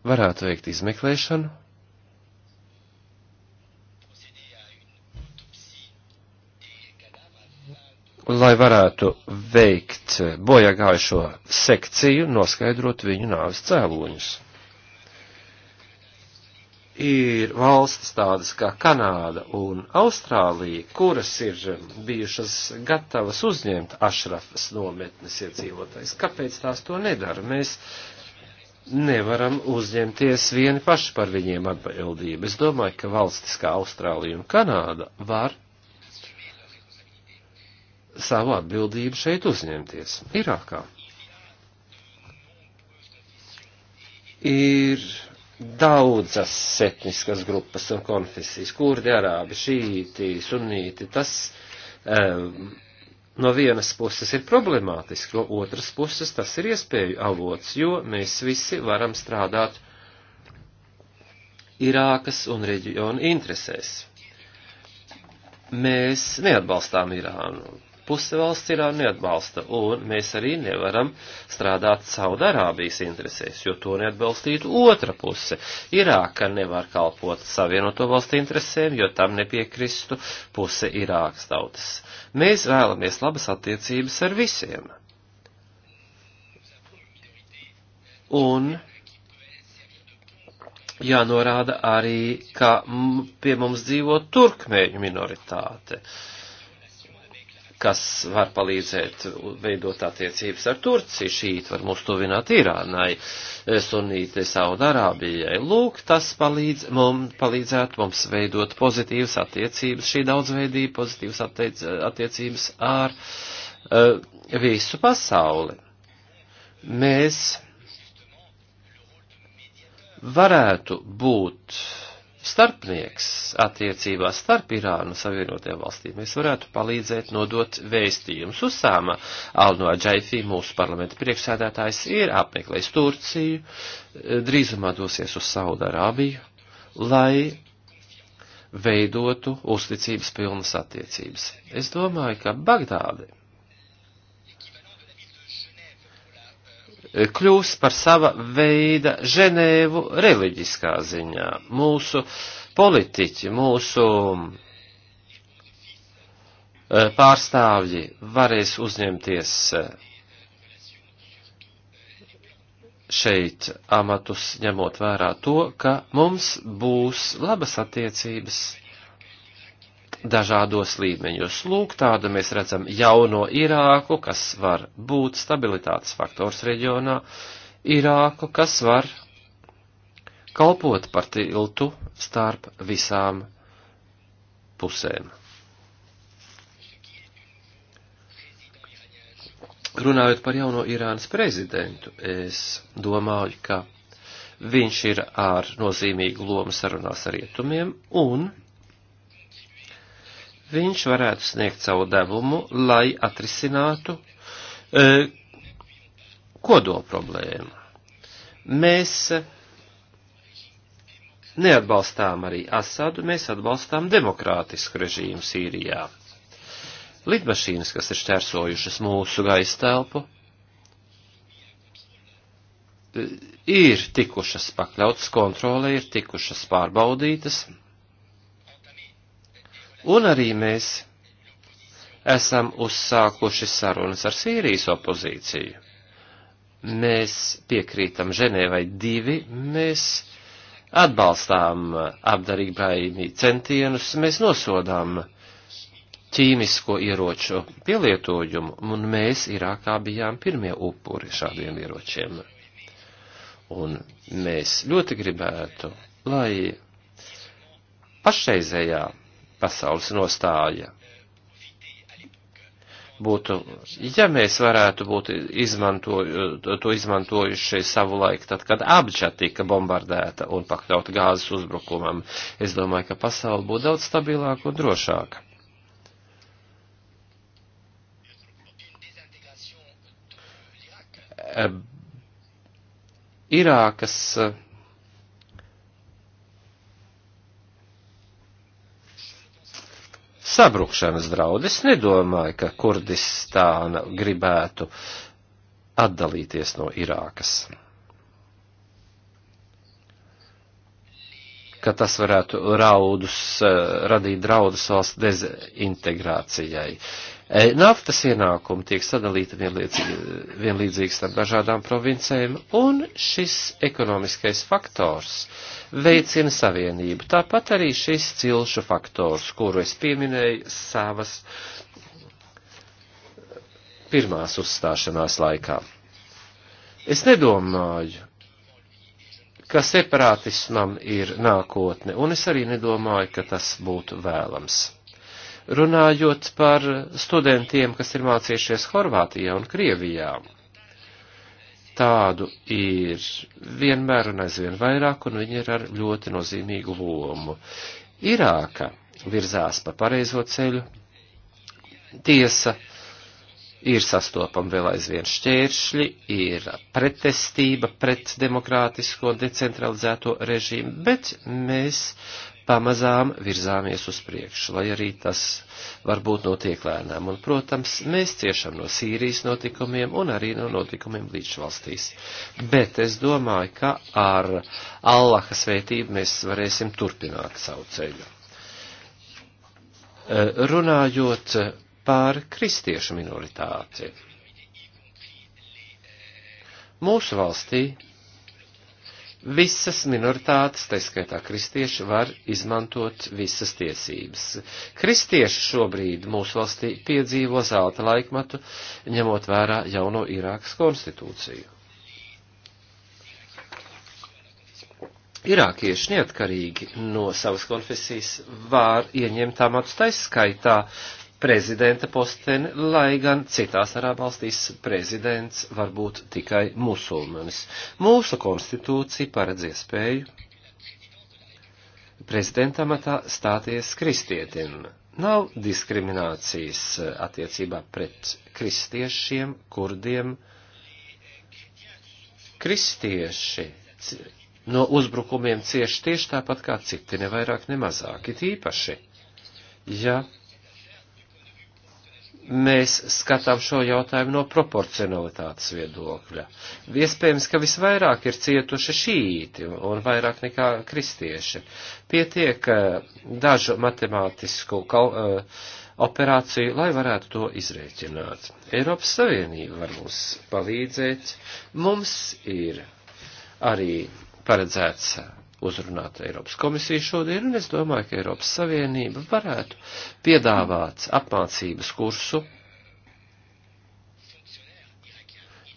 varētu veikt izmeklēšanu lai varētu veikt bojagājušo sekciju, noskaidrot viņu nāves cēloņus. Ir valstis tādas kā Kanāda un Austrālija, kuras ir bijušas gatavas uzņemt ašrafas nometnes iedzīvotājs. Kāpēc tās to nedara? Mēs nevaram uzņemties vieni paši par viņiem atbildību. Es domāju, ka valstis kā Austrālija un Kanāda var savu atbildību šeit uzņemties. Irākā ir daudzas etniskas grupas un konfesijas, kurdi, arābi, šīti, sunīti, tas um, no vienas puses ir problemātiski, no otras puses tas ir iespēju avots, jo mēs visi varam strādāt Irākas un reģiona interesēs. Mēs neatbalstām Irānu puse valsts Irānu neatbalsta, un mēs arī nevaram strādāt Saudārābijas interesēs, jo to neatbalstītu otra puse. Irāka nevar kalpot savienoto valstu interesēm, jo tam nepiekristu puse Irākas tautas. Mēs vēlamies labas attiecības ar visiem. Un jānorāda arī, ka pie mums dzīvo turkmēņu minoritāte. Uh, kas var palīdzēt veidot attiecības ar Turciju, šī var mūs tuvināt Irānai, Sunīte, Saudarābijai. Lūk, tas palīdz mums, palīdzētu mums veidot pozitīvas attiecības, šī daudzveidība, pozitīvas attiec, attiecības ar uh, visu pasauli. Mēs varētu būt starpnieks attiecībās starp Irānu un Savienotajām valstīm, mēs varētu palīdzēt nodot vēstījumus. Usāma Alno Džaifī, mūsu parlamenta priekšsēdētājs, ir apmeklējis Turciju, drīzumā dosies uz Saudarābiju, lai veidotu uzticības pilnas attiecības. Es domāju, ka Bagdāde kļūs par sava veida Ženēvu reliģiskā ziņā. Mūsu politiķi, mūsu e, pārstāvji varēs uzņemties e, šeit amatus, ņemot vērā to, ka mums būs labas attiecības dažādos līmeņos. Lūk, tādu mēs redzam jauno Irāku, kas var būt stabilitātes faktors reģionā, Irāku, kas var kalpot par tiltu starp visām pusēm. Runājot par jauno Irānas prezidentu, es domāju, ka viņš ir ar nozīmīgu lomu sarunās ar rietumiem un viņš varētu sniegt savu devumu, lai atrisinātu e, kodolu problēmu. Mēs neatbalstām arī Asadu, mēs atbalstām demokrātisku režīmu Sīrijā. Lidmašīnas, kas ir šķērsojušas mūsu gaisa telpu, e, ir tikušas pakļautas kontrolē, ir tikušas pārbaudītas, Un arī mēs esam uzsākuši sarunas ar Sīrijas opozīciju. Mēs piekrītam Ženēvai divi, mēs atbalstām apdarībai centienus, mēs nosodām ķīmisko ieroču pielietojumu, un mēs Irākā bijām pirmie upuri šādiem ieročiem. Un mēs ļoti gribētu, lai pašreizējā pasaules nostāja būtu, ja mēs varētu būt izmanto, to izmantojuši savu laiku, tad, kad Abča tika bombardēta un pakļauta gāzes uzbrukumam, es domāju, ka pasauli būtu daudz stabilāka un drošāka. Irākas uh, sabrukšanas draudu. Es nedomāju, ka Kurdistāna gribētu atdalīties no Irākas. ka tas varētu raudus, eh, radīt draudus valsts dezintegrācijai. Uh, E, naftas ienākumi tiek sadalīti vienlīdzīgi starp dažādām provincēm, un šis ekonomiskais faktors veicina savienību. Tāpat arī šis cilšu faktors, kuru es pieminēju savas pirmās uzstāšanās laikā. Es nedomāju, ka separātismam ir nākotne, un es arī nedomāju, ka tas būtu vēlams runājot par studentiem, kas ir mācījušies Horvātijā un Krievijā. Tādu ir vienmēr un aizvien vairāk, un viņi ir ar ļoti nozīmīgu lomu. Irāka virzās pa pareizo ceļu. Tiesa ir sastopama vēl aizvien šķēršļi, ir pretestība pret demokrātisko decentralizēto režīmu, bet mēs pamazām virzāmies uz priekšu, lai arī tas varbūt notiek lēnām. Un, protams, mēs ciešam no Sīrijas notikumiem un arī no notikumiem līdz valstīs. Bet es domāju, ka ar Allaha svētību mēs varēsim turpināt savu ceļu. Eh, runājot par kristiešu minoritāti. Mūsu valstī Visas minoritātes, tā skaitā kristieši, var izmantot visas tiesības. Kristieši šobrīd mūsu valstī piedzīvo zelta laikmatu, ņemot vērā jauno Irākas konstitūciju. Irākieši neatkarīgi no savas konfesijas var ieņemt amatu taiskaitā prezidenta posteni, lai gan citās arābu valstīs prezidents var būt tikai musulmanis. Mūsu konstitūcija paredz iespēju prezidenta amatā stāties kristietim. Nav diskriminācijas attiecībā pret kristiešiem, kurdiem. Kristieši no uzbrukumiem cieši tieši tāpat kā citi, ne vairāk, ne mazāk, it īpaši, ja mēs skatām šo jautājumu no proporcionalitātes viedokļa. Iespējams, ka visvairāk ir cietuši šīti un vairāk nekā kristieši. Pietiek eh, dažu matemātisku eh, operāciju, lai varētu to izrēķināt. Eiropas Savienība var mums palīdzēt. Mums ir arī paredzēts uzrunāt Eiropas komisiju šodien, un es domāju, ka Eiropas Savienība varētu piedāvāt apmācības kursu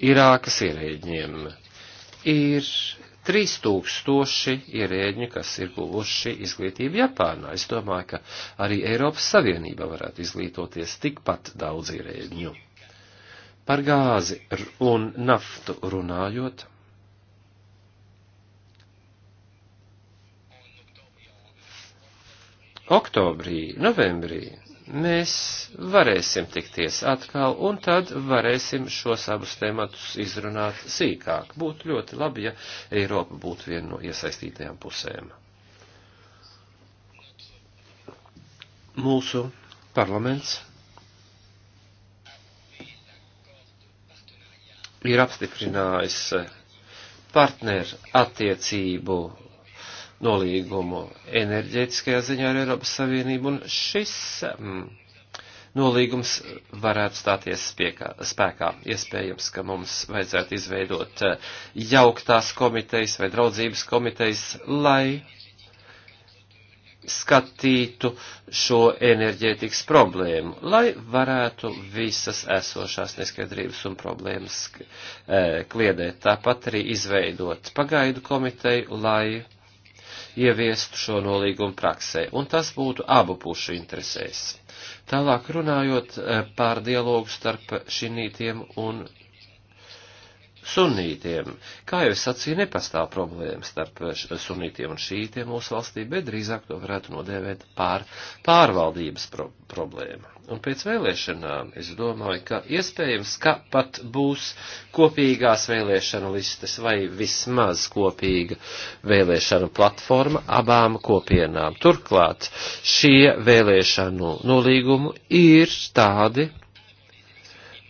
Irākas ierēģiem. Ir 3000 ierēģi, kas ir guvuši izglītību Japānā. Es domāju, ka arī Eiropas Savienība varētu izglītoties tikpat daudz ierēģu. Par gāzi un naftu runājot. oktobrī, novembrī mēs varēsim tikties atkal, un tad varēsim šos abus tematus izrunāt sīkāk. Būtu ļoti labi, ja Eiropa būtu viena no iesaistītajām pusēm. Mūsu parlaments ir apstiprinājis partneru attiecību nolīgumu enerģētiskajā ziņā ar Eiropas Savienību, un šis mm, nolīgums varētu stāties spiekā, spēkā. Iespējams, ka mums vajadzētu izveidot eh, jauktās komitejas vai draudzības komitejas, lai skatītu šo enerģētikas problēmu, lai varētu visas esošās neskaidrības un problēmas eh, kliedēt. Tāpat arī izveidot pagaidu komiteju, lai ieviestu šo nolīgumu praksē, un tas būtu abu pušu interesēs. Tālāk runājot e, par dialogu starp šinītiem un sunītiem. Kā jau es sacīju, nepastāv problēma starp sunītiem un šītiem mūsu valstī, bet drīzāk to varētu nodēvēt pār pārvaldības pro problēmu un pēc vēlēšanām. Es domāju, ka iespējams, ka pat būs kopīgās vēlēšana listas vai vismaz kopīga vēlēšana platforma abām kopienām. Turklāt šie vēlēšanu nolīgumu ir tādi,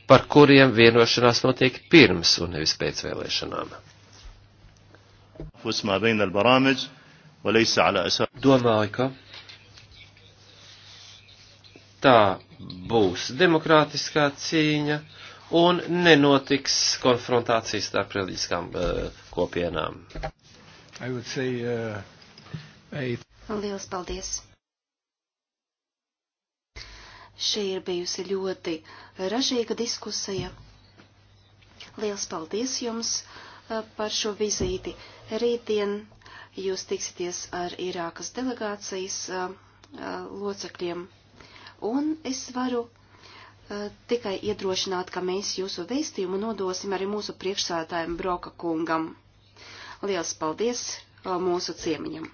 par kuriem vienošanās notiek pirms un nevis pēc vēlēšanām. Domāju, ka tā būs demokrātiskā cīņa un nenotiks konfrontācijas starp reliģiskām uh, kopienām. Say, uh, eight. Liels paldies! Šī ir bijusi ļoti ražīga diskusija. Liels paldies jums uh, par šo vizīti. Rītdien jūs tiksieties ar Irākas delegācijas uh, uh locekļiem un es varu uh, tikai iedrošināt, ka mēs jūsu vēstījumu nodosim arī mūsu priekšsētājiem Broka kungam. Liels paldies uh, mūsu ciemiņam!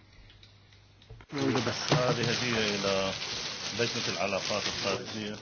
هذه هي إلى لجنة العلاقات الخارجية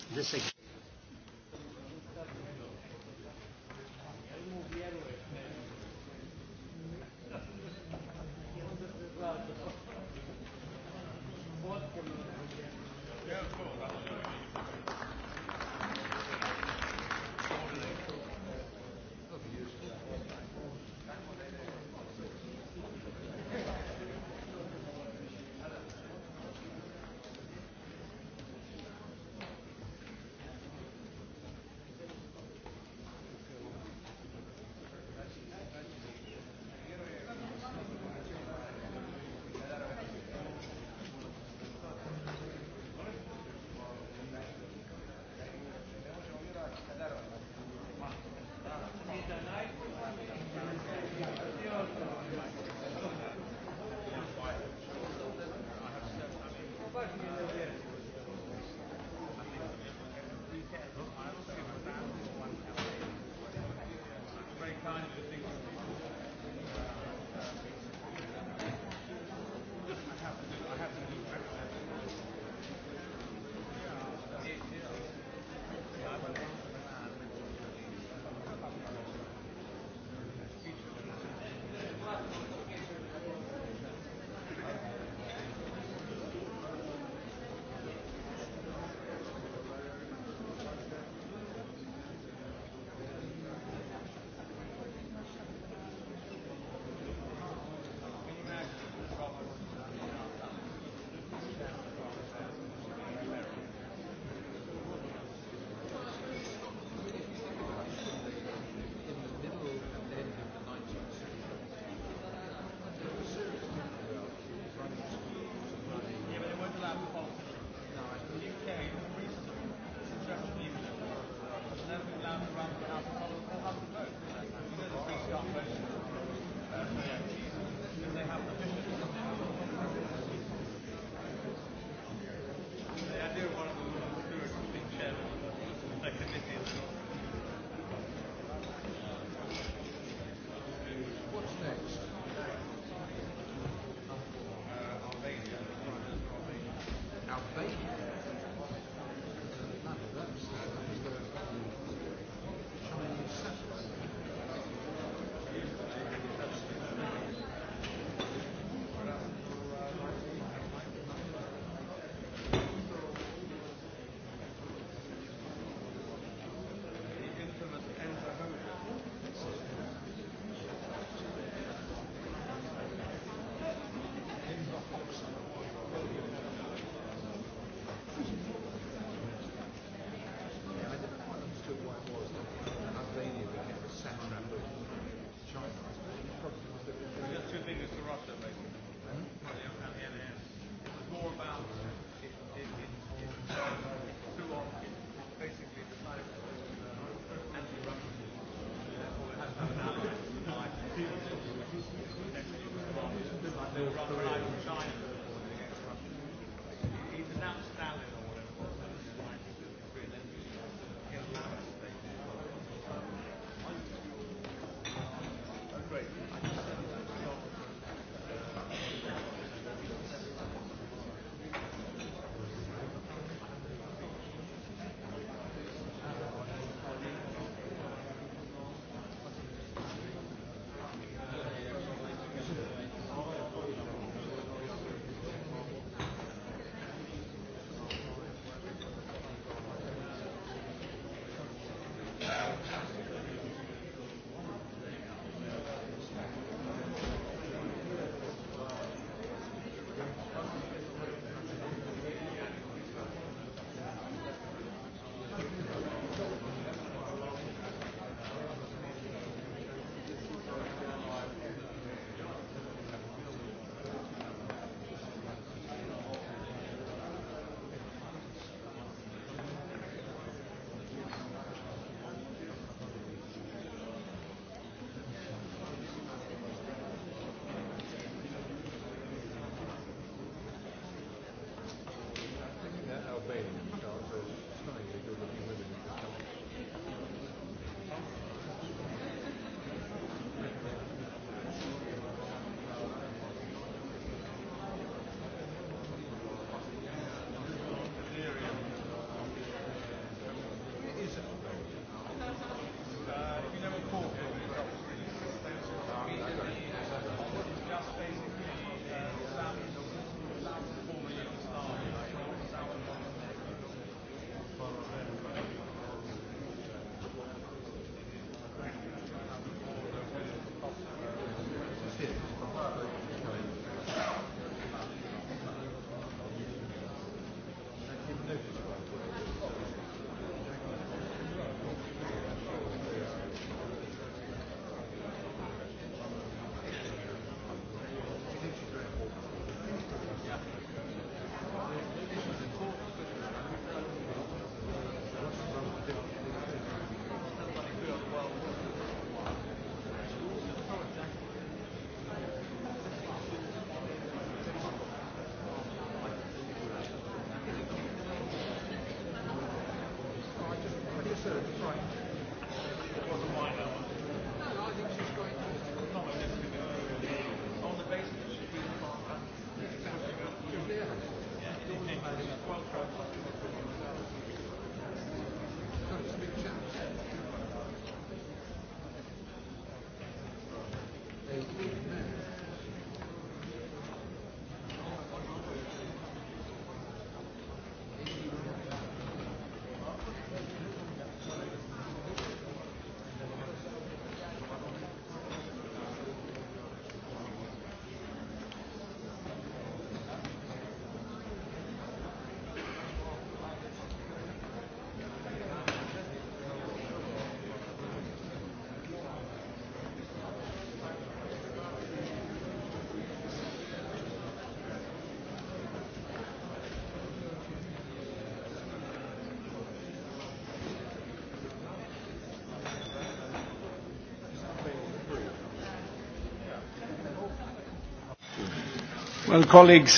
Well, colleagues.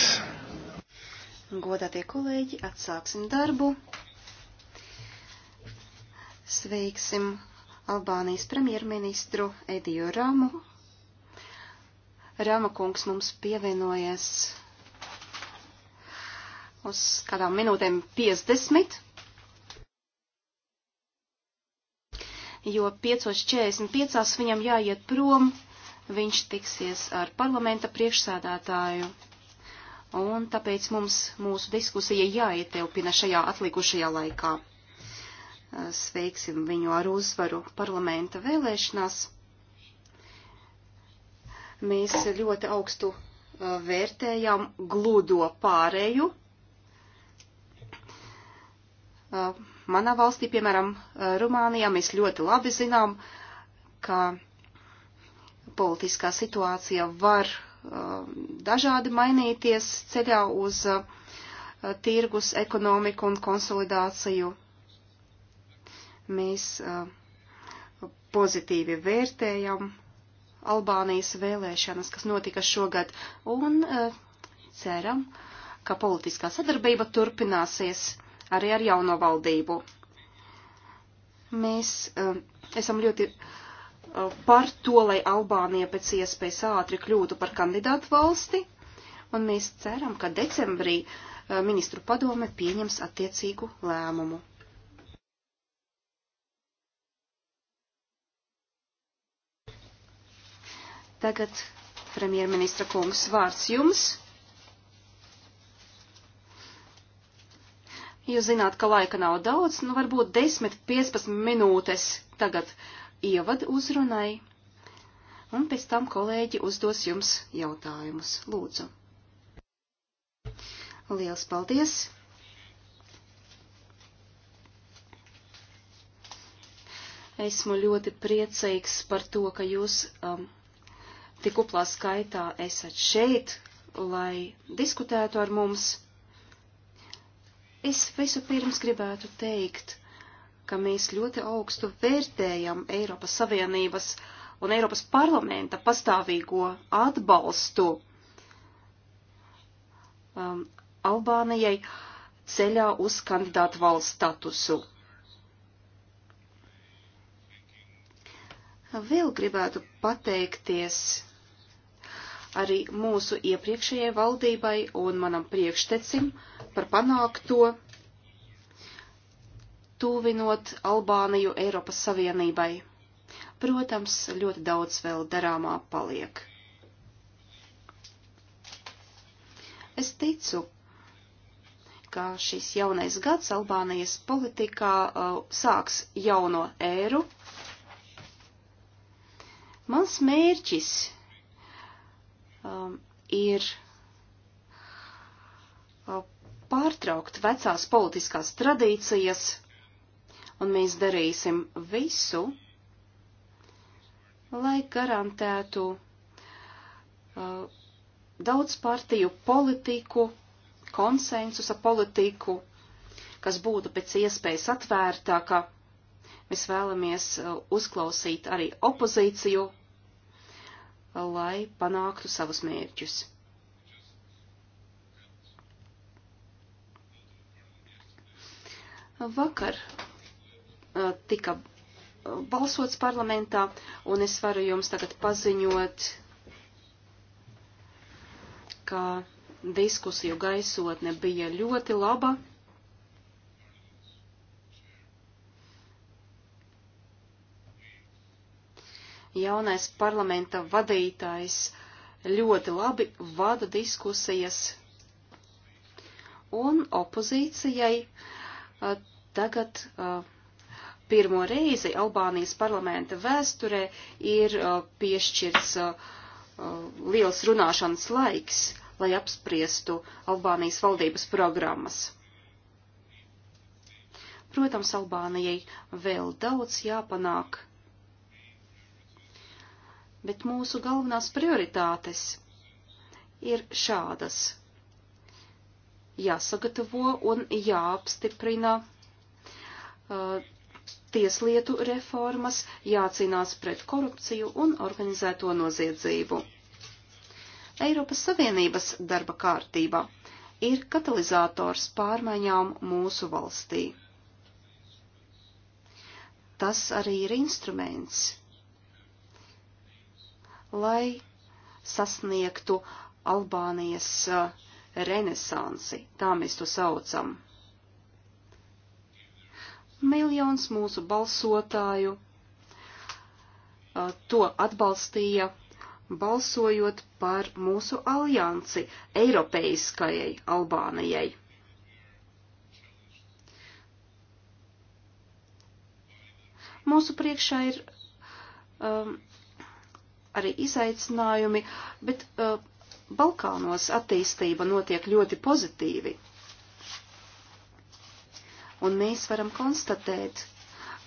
Godātie kolēģi, atsāksim darbu. Sveiksim Albānijas premjerministru Ediju Ramu. Rama kungs mums pievienojies uz kādām minūtēm 50, jo 5.45 viņam jāiet prom viņš tiksies ar parlamenta priekšsādātāju, un tāpēc mums mūsu diskusija jāietilpina šajā atlikušajā laikā. Sveiksim viņu ar uzvaru parlamenta vēlēšanās. Mēs ļoti augstu uh, vērtējam gludo pārēju. Uh, manā valstī, piemēram, uh, Rumānijā, mēs ļoti labi zinām, ka politiskā situācija var uh, dažādi mainīties ceļā uz uh, tirgus ekonomiku un konsolidāciju. Mēs uh, pozitīvi vērtējam Albānijas vēlēšanas, kas notika šogad, un uh, ceram, ka politiskā sadarbība turpināsies arī ar jauno valdību. Mēs uh, esam ļoti uh, par to, lai Albānija pēc iespējas ātri kļūtu par kandidātu valsti, un mēs ceram, ka decembrī eh, ministru padome pieņems attiecīgu lēmumu. Tagad premjerministra kungs vārds jums. Jūs zināt, ka laika nav daudz, nu varbūt 10-15 minūtes tagad uh, ievadu uzrunai, un pēc tam kolēģi uzdos jums jautājumus. Lūdzu! Liels paldies! Esmu ļoti priecīgs par to, ka jūs um, tik uplā skaitā esat šeit, lai diskutētu ar mums. Es visu pirms gribētu teikt, ka mēs ļoti augstu vērtējam Eiropas Savienības un Eiropas parlamenta pastāvīgo atbalstu um, Albānijai ceļā uz kandidātu valsts statusu. Vēl gribētu pateikties arī mūsu iepriekšējai valdībai un manam priekštecim par panākto tuvinot Albāniju Eiropas Savienībai. Protams, ļoti daudz vēl darāmā paliek. Es ticu, ka šis jaunais gads Albānijas politikā uh, sāks jauno ēru. Mans mērķis um, ir uh, pārtraukt vecās politiskās tradīcijas, un mēs darīsim visu, lai garantētu uh, daudz partiju politiku, konsensusa politiku, kas būtu pēc iespējas atvērtāka. Mēs vēlamies uh, uzklausīt arī opozīciju, lai panāktu savus mērķus. Vakar Eh, tika eh, balsots parlamentā, un es varu jums tagad paziņot, ka diskusiju gaisotne bija ļoti laba. Jaunais parlamenta vadītājs ļoti labi vada diskusijas, un opozīcijai eh, tagad uh, pirmo reizi Albānijas parlamenta vēsturē ir uh, piešķirts uh, uh, liels runāšanas laiks, lai apspriestu Albānijas valdības programmas. Protams, Albānijai vēl daudz jāpanāk, bet mūsu galvenās prioritātes ir šādas. Jāsagatavo un jāapstiprina uh, tieslietu reformas, jācīnās pret korupciju un organizēto noziedzību. Eiropas Savienības darba kārtība ir katalizators pārmaiņām mūsu valstī. Tas arī ir instruments, lai sasniegtu Albānijas uh, renesansi, tā mēs to saucam. Miljons mūsu balsotāju to atbalstīja, balsojot par mūsu aliansi Eiropeiskajai Albānijai. Mūsu priekšā ir um, arī izaicinājumi, bet uh, Balkānos attīstība notiek ļoti pozitīvi. Un mēs varam konstatēt,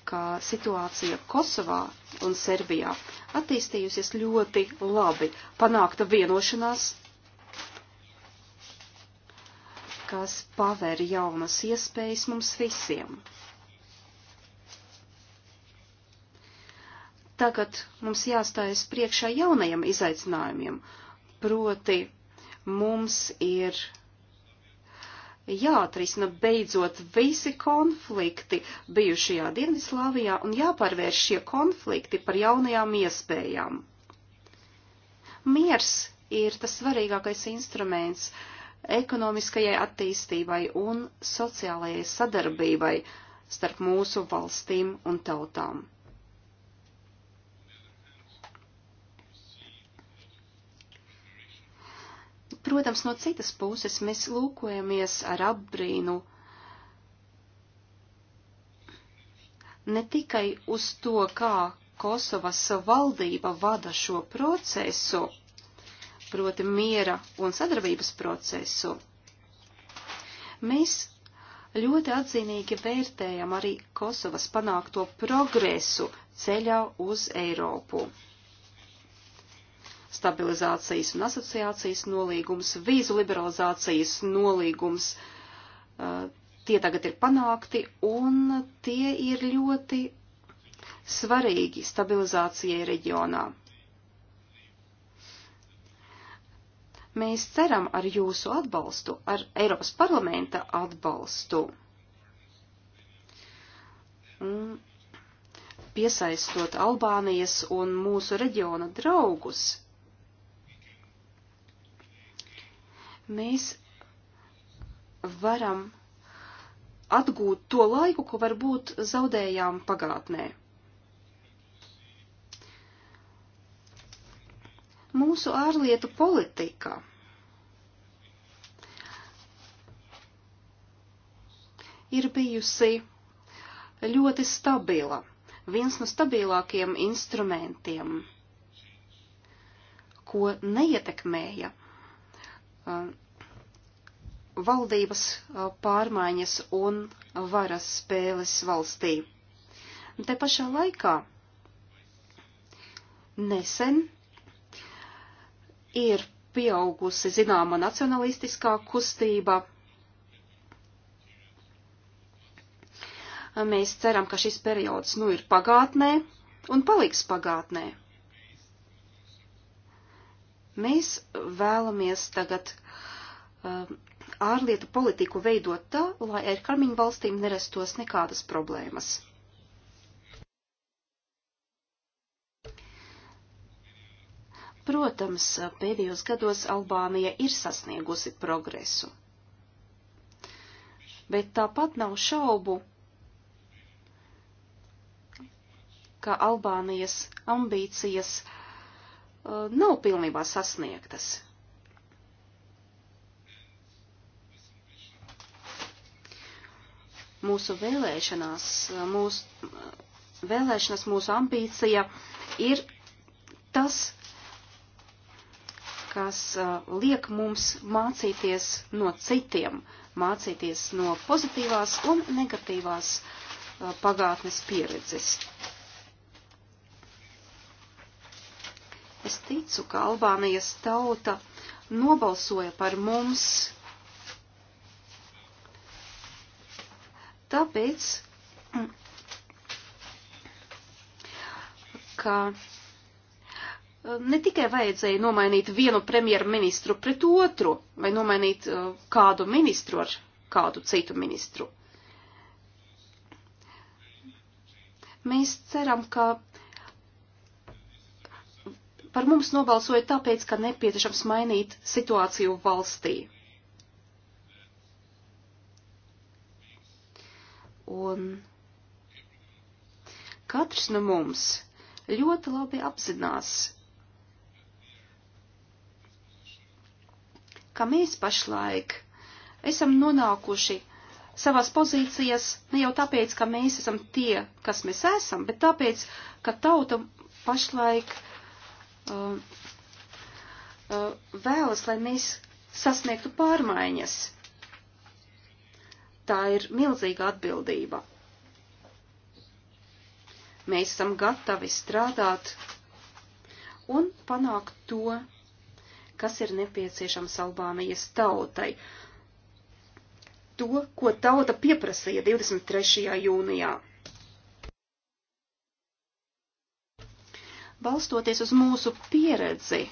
ka situācija Kosovā un Serbijā attīstījusies ļoti labi. Panākta vienošanās, kas paver jaunas iespējas mums visiem. Tagad mums jāstājas priekšā jaunajiem izaicinājumiem, proti mums ir jāatrisina beidzot visi konflikti bijušajā Dienvidslāvijā un jāpārvērš šie konflikti par jaunajām iespējām. Miers ir tas svarīgākais instruments ekonomiskajai attīstībai un sociālajai sadarbībai starp mūsu valstīm un tautām. Protams, no citas puses mēs lūkojamies ar apbrīnu ne tikai uz to, kā Kosovas valdība vada šo procesu, proti miera un sadarbības procesu, mēs ļoti atzinīgi vērtējam arī Kosovas panākto progresu ceļā uz Eiropu stabilizācijas un asociācijas nolīgums, vīzu liberalizācijas nolīgums. Tie tagad ir panākti un tie ir ļoti svarīgi stabilizācijai reģionā. Mēs ceram ar jūsu atbalstu, ar Eiropas parlamenta atbalstu. Un piesaistot Albānijas un mūsu reģiona draugus mēs varam atgūt to laiku, ko varbūt zaudējām pagātnē. Mūsu ārlietu politika ir bijusi ļoti stabila, viens no stabilākiem instrumentiem, ko neietekmēja valdības pārmaiņas un varas spēles valstī. Te pašā laikā nesen ir pieaugusi zināma nacionalistiskā kustība. Mēs ceram, ka šis periods nu ir pagātnē un paliks pagātnē. Mēs vēlamies tagad um, ārlietu politiku veidot tā, lai ar karmiņu valstīm nerastos nekādas problēmas. Protams, pēdējos gados Albānija ir sasniegusi progresu. Bet tāpat nav šaubu, ka Albānijas ambīcijas uh, Uh, nav pilnībā sasniegtas. Mūsu vēlēšanās, uh, mūsu, uh, vēlēšanas, mūsu ambīcija ir tas, kas liek mums mācīties no citiem, mācīties no pozitīvās un negatīvās pagātnes pieredzes. Es ticu, ka Albānijas tauta nobalsoja par mums, tāpēc, ka eh, ne tikai vajadzēja nomainīt vienu premjerministru pret otru, vai nomainīt eh, kādu ministru ar kādu citu ministru. Mēs ceram, ka Par mums nobalsoja tāpēc, ka nepieciešams mainīt situāciju valstī. Un katrs no mums ļoti labi apzinās, ka mēs pašlaik esam nonākuši savās pozīcijas ne jau tāpēc, ka mēs esam tie, kas mēs esam, bet tāpēc, ka tauta pašlaik Uh, uh, vēlas, lai mēs sasniegtu pārmaiņas. Tā ir milzīga atbildība. Mēs esam gatavi strādāt un panākt to, kas ir nepieciešams Albānijas tautai. To, ko tauta pieprasīja 23. jūnijā. balstoties uz mūsu pieredzi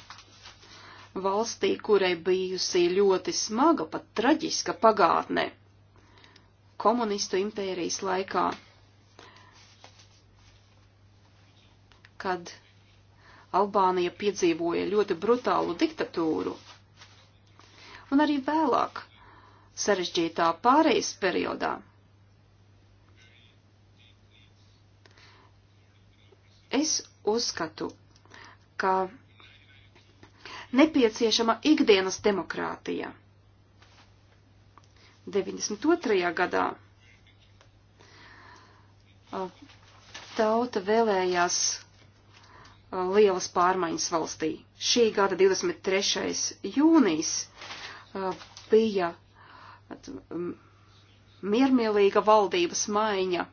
valstī, kurai bijusi ļoti smaga, pat traģiska pagātne komunistu impērijas laikā, kad Albānija piedzīvoja ļoti brutālu diktatūru, un arī vēlāk sarežģītā pārejas periodā. Es uzskatu, ka nepieciešama ikdienas demokrātija. 92. gadā tauta vēlējās lielas pārmaiņas valstī. Šī gada 23. jūnijas bija miermīlīga valdības maiņa,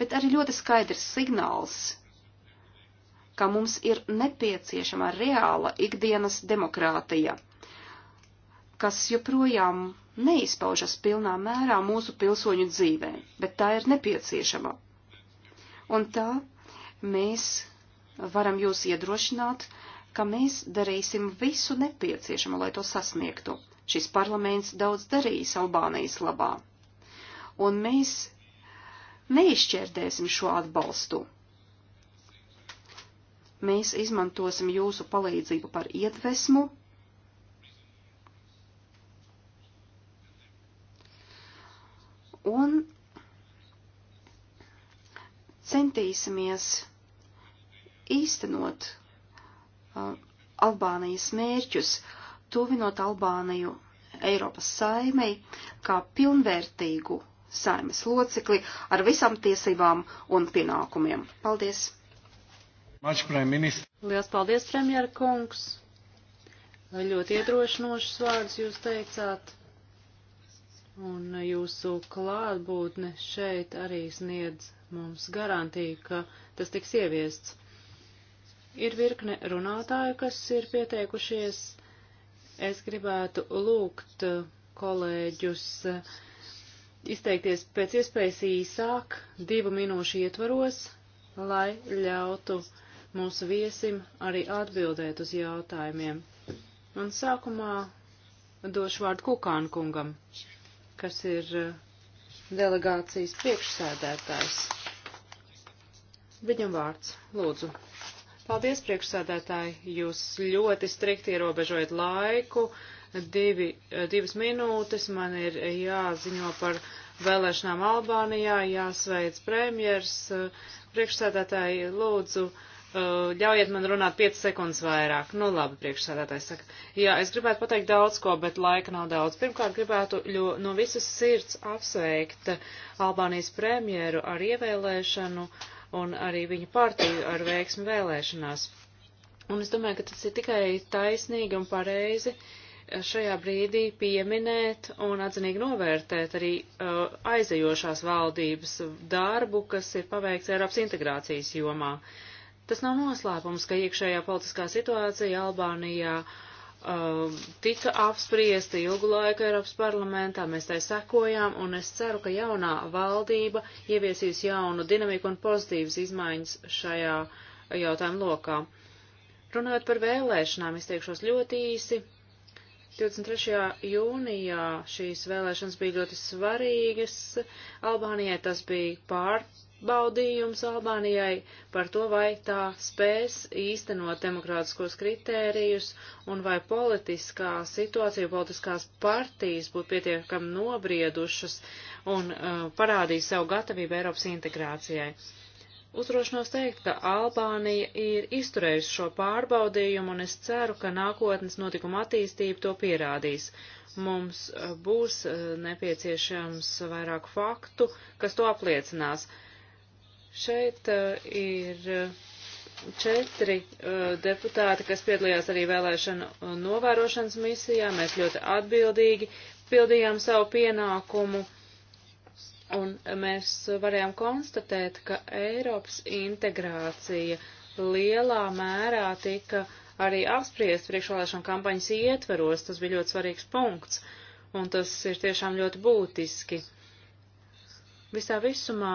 bet arī ļoti skaidrs signāls ka mums ir nepieciešama reāla ikdienas demokrātija, kas joprojām neizpaužas pilnā mērā mūsu pilsoņu dzīvē, bet tā ir nepieciešama. Un tā mēs varam jūs iedrošināt, ka mēs darīsim visu nepieciešamo, lai to sasniegtu. Šis parlaments daudz darījis Albānijas labā. Un mēs neizšķērdēsim šo atbalstu Mēs izmantosim jūsu palīdzību par iedvesmu. Un centīsimies īstenot uh, Albānijas mērķus, tuvinot Albāniju Eiropas saimei kā pilnvērtīgu saimes locekli ar visām tiesībām un pienākumiem. Paldies! Lielas paldies, premjera kungs! Ļoti iedrošinošus vārdus jūs teicāt, un jūsu klātbūtne šeit arī sniedz mums garantiju, ka tas tiks ieviests. Ir virkne runātāju, kas ir pieteikušies. Es gribētu lūgt kolēģus izteikties pēc iespējas īsāk, divu minūšu ietvaros, lai ļautu uh, mūsu viesim arī atbildēt uz jautājumiem. Un sākumā došu vārdu Kukānu kungam, kas ir eh, delegācijas priekšsēdētājs. Viņam vārds, lūdzu. Paldies, priekšsēdētāji, jūs ļoti strikti ierobežojat laiku. Divi, eh, divas minūtes man ir jāziņo par vēlēšanām Albānijā, jāsveic premjers. Eh, priekšsēdētāji, lūdzu, uh, Eh, ļaujiet man runāt 5 sekundes vairāk. Nu, labi, priekšsēdētājs saka. Jā, es gribētu pateikt daudz ko, bet laika nav daudz. Pirmkārt, gribētu ļo, no visas sirds apsveikt Albānijas premjeru ar ievēlēšanu un arī viņa partiju ar veiksmi vēlēšanās. Un es domāju, ka tas ir tikai taisnīgi un pareizi šajā brīdī pieminēt un atzinīgi novērtēt arī uh, aizejošās valdības darbu, kas ir paveikts Eiropas integrācijas jomā. Uh, Tas nav noslēpums, ka iekšējā politiskā situācija Albānijā uh, tika apspriesta ilgu laiku Eiropas parlamentā, mēs tai sekojām, un es ceru, ka jaunā valdība ieviesīs jaunu dinamiku un pozitīvas izmaiņas šajā jautājuma lokā. Runājot par vēlēšanām, izteikšos ļoti īsi. 23. jūnijā šīs vēlēšanas bija ļoti svarīgas. Albānijai tas bija pār, pārbaudījums Albānijai par to, vai tā spēs īstenot demokrātiskos kritērijus un vai politiskā situācija, politiskās partijas būtu pietiekami nobriedušas un uh, parādīs savu gatavību Eiropas integrācijai. Uzdrošinos teikt, ka Albānija ir izturējusi šo pārbaudījumu, un es ceru, ka nākotnes notikuma attīstība to pierādīs. Mums uh, būs uh, nepieciešams vairāk faktu, kas to apliecinās. Šeit eh, ir eh, četri eh, deputāti, kas piedalījās arī vēlēšanu novērošanas misijā. Mēs ļoti atbildīgi pildījām savu pienākumu. Un mēs varējām konstatēt, ka Eiropas integrācija lielā mērā tika arī apspriest priekšvēlēšana kampaņas ietveros. Tas bija ļoti svarīgs punkts, un tas ir tiešām ļoti būtiski. Visā visumā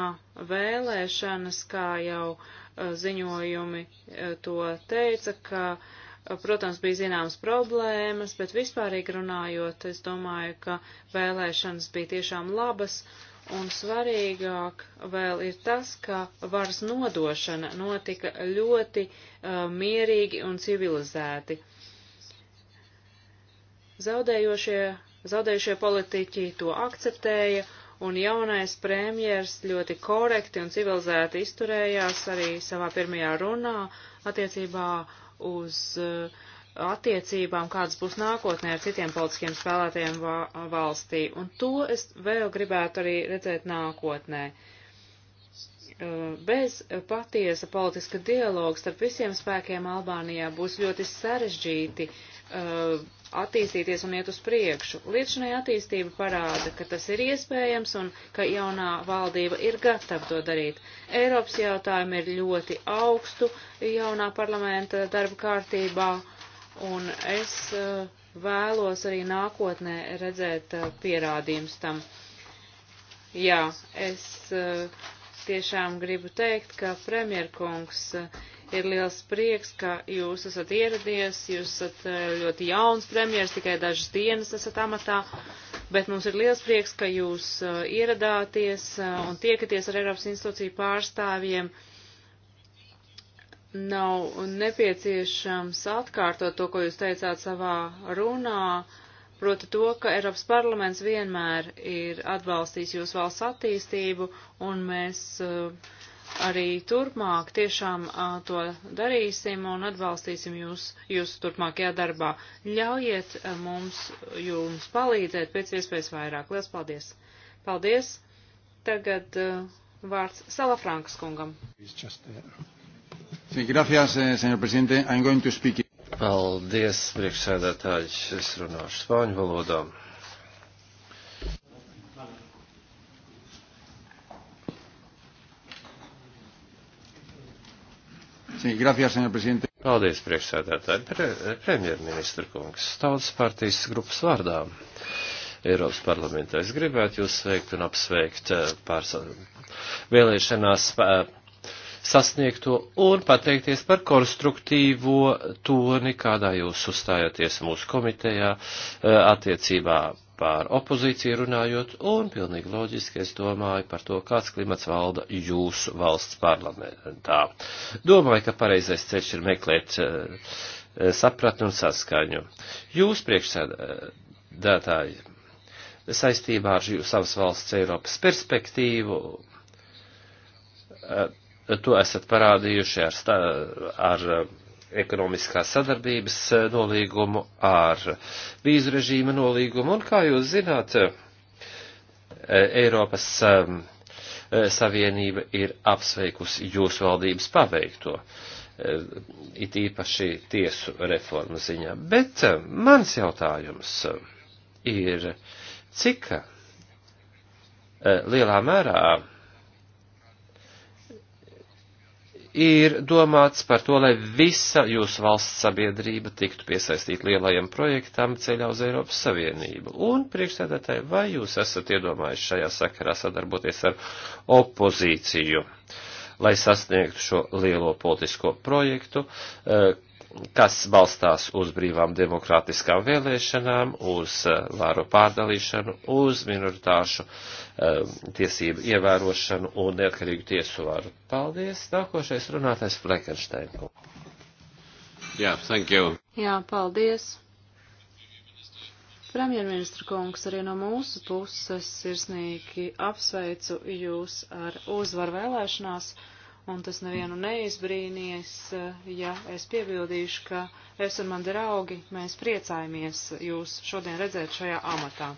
vēlēšanas, kā jau e, ziņojumi e, to teica, ka, e, protams, bija zināmas problēmas, bet vispārīgi runājot, es domāju, ka vēlēšanas bija tiešām labas. Un svarīgāk vēl ir tas, ka varas nodošana notika ļoti uh, mierīgi un civilizēti. Zaudējošie, zaudējušie politiķi to akceptēja, uh, un jaunais premjers ļoti korekti un civilizēti izturējās arī savā pirmajā runā attiecībā uz uh, attiecībām, kādas būs nākotnē ar citiem politiskiem spēlētiem valstī. Un to es vēl gribētu arī redzēt nākotnē. Uh, bez patiesa politiska dialoga starp visiem spēkiem Albānijā būs ļoti sarežģīti uh, attīstīties un iet uz priekšu. Līdzinājā attīstība parāda, ka tas ir iespējams un ka jaunā valdība ir gatava to darīt. Eiropas jautājumi ir ļoti augstu jaunā parlamenta darba kārtībā, un es eh, vēlos arī nākotnē redzēt eh, pierādījums tam. Jā, es eh, tiešām gribu teikt, ka premjerkungs Ir liels prieks, ka jūs esat ieradies, jūs esat eh, ļoti jauns premjers, tikai dažas dienas esat amatā, bet mums ir liels prieks, ka jūs eh, ieradāties eh, un tiekaties ar Eiropas institūciju pārstāvjiem nav nepieciešams atkārtot to, ko jūs teicāt savā runā, proti to, ka Eiropas parlaments vienmēr ir atbalstījis jūsu valsts attīstību, un mēs uh, arī turpmāk tiešām to darīsim un atbalstīsim jūs jūsu turpmākajā darbā. Ļaujiet mums jums palīdzēt pēc iespējas vairāk. Lielas paldies! Paldies! Tagad vārds Salafrankas kungam. Eh, paldies, priekšsēdētāji, es runāšu spāņu valodām. Paldies, priekšsēdētāji. Pre, premjerministra kungs, tautas partijas grupas vārdā Eiropas parlamentā. Es gribētu jūs sveikt un apsveikt eh, par vēlēšanās eh, sasniegto un pateikties par konstruktīvo toni, kādā jūs uzstājāties mūsu komitejā eh, attiecībā par opozīciju runājot, un pilnīgi loģiski es domāju par to, kāds klimats valda jūsu valsts parlamentā. Domāju, ka pareizais ceļš ir meklēt eh, sapratni un saskaņu. Jūs priekšsēdētāji saistībā ar savas valsts Eiropas perspektīvu eh, to esat parādījuši ar, stā, ar ekonomiskās sadarbības e, nolīgumu, ar vīzu režīma nolīgumu, un, kā jūs zināt, e, Eiropas e, Savienība ir apsveikusi jūsu valdības paveikto, it īpaši tiesu reformu ziņā. Bet mans jautājums ir, cik lielā mērā ir domāts par to, lai visa jūsu valsts sabiedrība tiktu piesaistīta lielajam projektam ceļā uz Eiropas Savienību. Un, priekšsēdētāji, vai jūs esat iedomājuši šajā sakarā sadarboties ar opozīciju, lai sasniegtu šo lielo politisko projektu, eh, kas balstās uz brīvām demokrātiskām vēlēšanām, uz eh, vāru pārdalīšanu, uz minoritāšu um, tiesību ievērošanu un neatkarīgu tiesu varu. Paldies! Nākošais runātais Fleckensteinu. Jā, yeah, thank you. Jā, paldies. Premjerministra kungs, arī no mūsu puses sirsnīgi apsveicu jūs ar uzvaru vēlēšanās un tas nevienu neizbrīnīs, eh, ja es piebildīšu, ka es un mani draugi, mēs priecājamies jūs šodien redzēt šajā amatā.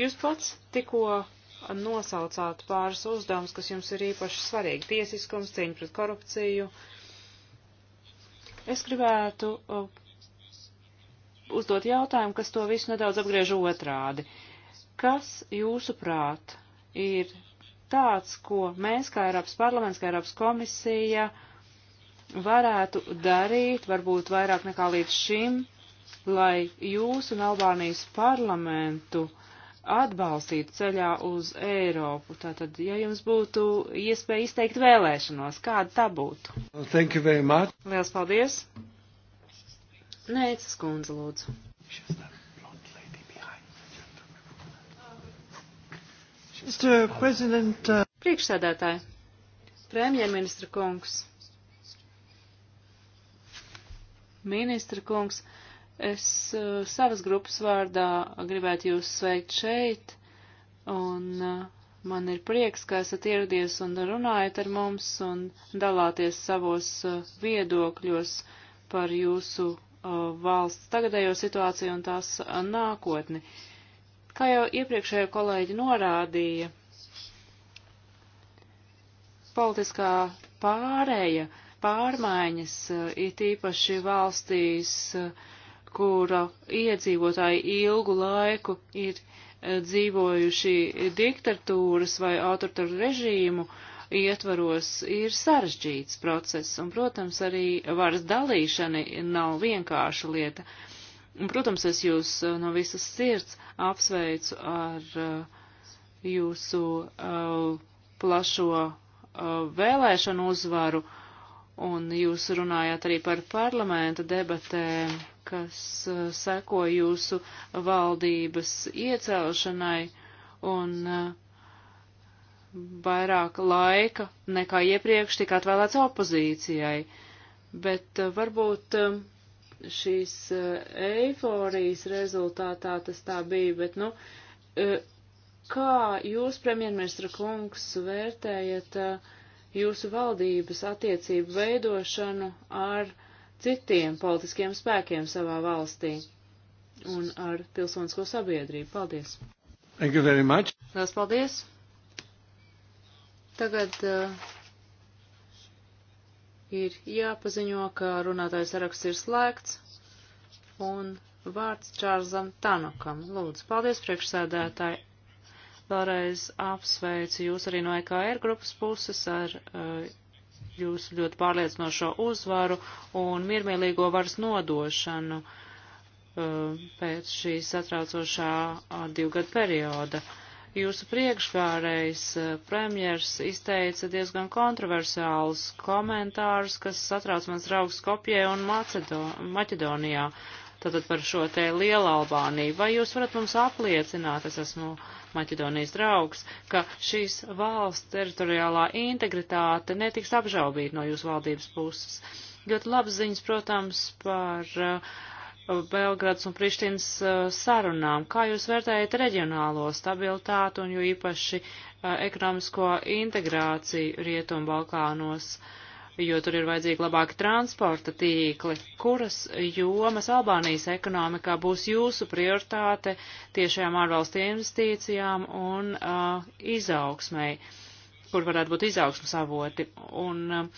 Jūs pats tikko nosaucāt pāris uzdevums, kas jums ir īpaši svarīgi - tiesiskums, cīņa pret korupciju. Es gribētu eh, uzdot jautājumu, kas to visu nedaudz apgriež otrādi. Kas jūsuprāt ir tāds, ko mēs, kā Eiropas parlaments, kā Eiropas komisija, varētu darīt, varbūt vairāk nekā līdz šim, lai jūs un Albānijas parlamentu atbalstītu ceļā uz Eiropu. Tātad, ja jums būtu iespēja izteikt vēlēšanos, kāda tā būtu? Thank you very much. Liels paldies. Nē, Ceskundze, lūdzu. Šis tā. Uh, Priekšsēdētāji, premjerministra kungs, ministra kungs, es uh, savas grupas vārdā gribētu jūs sveikt šeit, un uh, man ir prieks, ka esat ieradies un runājat ar mums un dalāties savos uh, viedokļos par jūsu uh, valsts tagadējo situāciju un tās uh, nākotni. Uh, Kā jau iepriekšējo kolēģi norādīja, politiskā pārēja, pārmaiņas, eh, it īpaši valstīs, eh, kura iedzīvotāji ilgu laiku ir eh, dzīvojuši diktatūras vai autoritāru režīmu ietvaros, ir sarežģīts process, un, protams, arī varas dalīšana nav vienkārša lieta. Uh, Un, protams, es jūs eh, no visas sirds apsveicu ar eh, jūsu eh, plašo vēlēšanu uzvaru, un jūs runājāt arī par parlamenta debatēm, kas seko jūsu valdības iecelšanai, un vairāk laika nekā iepriekš tika atvēlēts opozīcijai. Bet varbūt šīs e, eiforijas rezultātā tas tā bija, bet, nu, e, kā jūs, premjerministra kungs, vērtējat e, jūsu valdības attiecību veidošanu ar citiem politiskiem spēkiem savā valstī un ar pilsonisko sabiedrību? Paldies! Thank you very much! Lielas paldies! Tagad uh, ir jāpaziņo, ka runātājs saraksts ir slēgts un vārds Čārzam Tanokam. Lūdzu, paldies priekšsēdētāji. Vēlreiz apsveicu jūs arī no EKR grupas puses ar uh, jūsu ļoti pārliecinošo uzvaru un miermīlīgo varas nodošanu uh, pēc šī satraucošā uh, divgad perioda. Uh, Jūsu priekšvārējs eh, premjers izteica diezgan kontroversiālus komentārus, kas satrauc mans draugs Kopjē un Macedo Maķedonijā, tātad par šo te lielu Albāniju. Vai jūs varat mums apliecināt, es esmu Maķedonijas draugs, ka šīs valsts teritoriālā integritāte netiks apžaubīta no jūsu valdības puses? Ļoti labas ziņas, protams, par uh, Belgrads un Prištinas uh, sarunām. Kā jūs vērtējat reģionālo stabilitātu un jo īpaši uh, ekonomisko integrāciju Rietumbalkānos, jo tur ir vajadzīgi labāki transporta tīkli? Kuras jomas Albānijas ekonomikā būs jūsu prioritāte tiešajām ārvalstu investīcijām un uh, izaugsmai, kur varētu būt izaugsmas avoti? Un uh,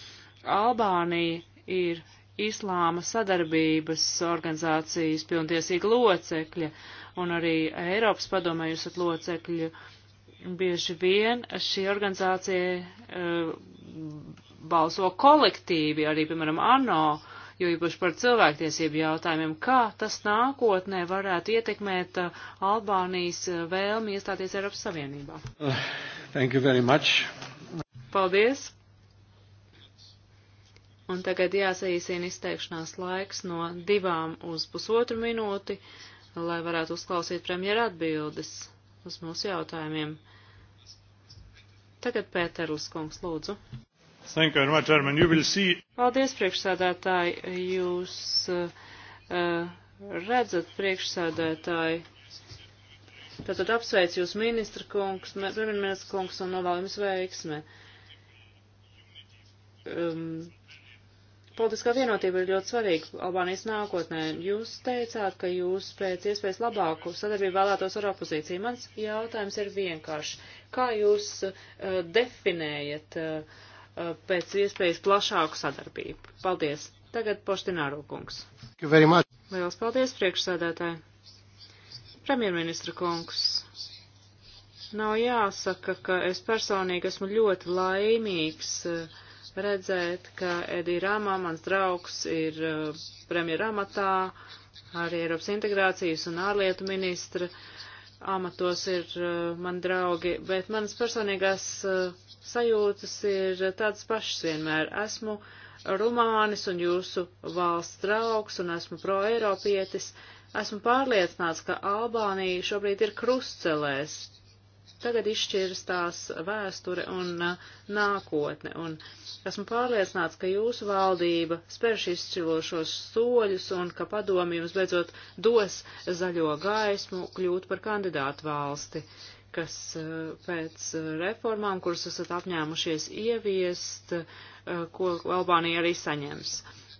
Albānija ir Islāma sadarbības organizācijas pilntiesīga locekļa, un arī Eiropas padomē jūs esat locekļi. Bieži vien šī organizācija uh, balso kolektīvi, arī, piemēram, ANO, jo īpaši par cilvēktiesību jautājumiem, kā tas nākotnē varētu ietekmēt uh, Albānijas eh, vēlmi iestāties Eiropas Savienībā. Uh, thank you very much. Paldies. Un tagad jāsaīsina izteikšanās laiks no divām uz pusotru minūti, lai varētu uzklausīt premjera atbildes uz mūsu jautājumiem. Tagad Pēterlis kungs, lūdzu. Thank you very much, Armin. You will see. Paldies, priekšsādātāji. Jūs uh, redzat, priekšsādātāji. Tātad apsveic jūs ministra kungs, premjerministra kungs un novēlu jums veiksmi. Um, Politiskā vienotība ir ļoti svarīga Albānijas nākotnē. Jūs teicāt, ka jūs pēc iespējas labāku sadarbību vēlētos ar opozīciju. Mans jautājums ir vienkārši. Kā jūs uh, definējat uh, uh, pēc iespējas plašāku sadarbību? Paldies. Tagad Poštināro kungs. Lielas paldies, priekšsēdētāji. Premjerministra kungs. Nav jāsaka, ka es personīgi esmu ļoti laimīgs. Uh, redzēt, ka Edī Rāmā, mans draugs, ir uh, premjera amatā, arī Eiropas integrācijas un ārlietu ministra amatos ir uh, mani draugi, bet manas personīgās uh, sajūtas ir tādas pašas vienmēr. Esmu rumānis un jūsu valsts draugs un esmu proeiropietis. Esmu pārliecināts, ka Albānija šobrīd ir krustcelēs tagad izšķiras tās vēsture un uh, nākotne. Un esmu pārliecināts, ka jūsu valdība spērš izšķirošos soļus un ka padomi jums beidzot dos zaļo gaismu kļūt par kandidātu valsti, kas uh, pēc uh, reformām, kuras esat apņēmušies ieviest, ko Albānija arī saņems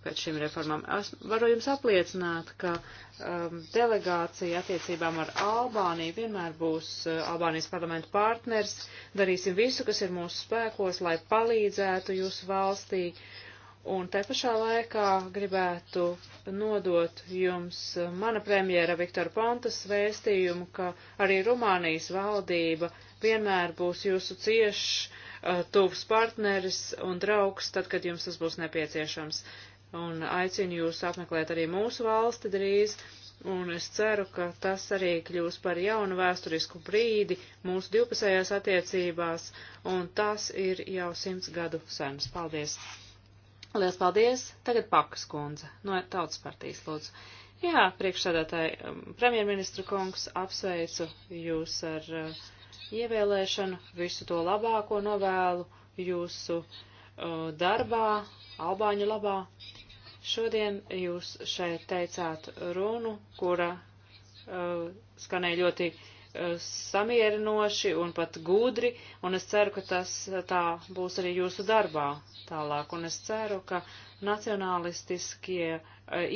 pēc šīm reformām. Es varu jums apliecināt, ka um, delegācija attiecībām ar Albāniju vienmēr būs uh, Albānijas parlamenta partners. Darīsim visu, kas ir mūsu spēkos, lai palīdzētu jūsu valstī. Un te pašā laikā gribētu nodot jums uh, mana premjera Viktora Pontas vēstījumu, ka arī Rumānijas valdība vienmēr būs jūsu ciešs uh, tuvs partneris un draugs, tad, kad jums tas būs nepieciešams un aicinu jūs apmeklēt arī mūsu valsti drīz, un es ceru, ka tas arī kļūs par jaunu vēsturisku brīdi mūsu divpusējās attiecībās, un tas ir jau simts gadu sens. Paldies! Lielas paldies! Tagad Pakas kundze no Tautas partijas lūdzu. Jā, priekšsādātāji, um, premjerministra kungs, apsveicu jūs ar uh, ievēlēšanu, visu to labāko novēlu jūsu uh, darbā, Albāņu labā. Šodien jūs šeit teicāt runu, kura uh, skanēja ļoti uh, samierinoši un pat gudri, un es ceru, ka tas uh, tā būs arī jūsu darbā tālāk, un es ceru, ka nacionalistiskie uh,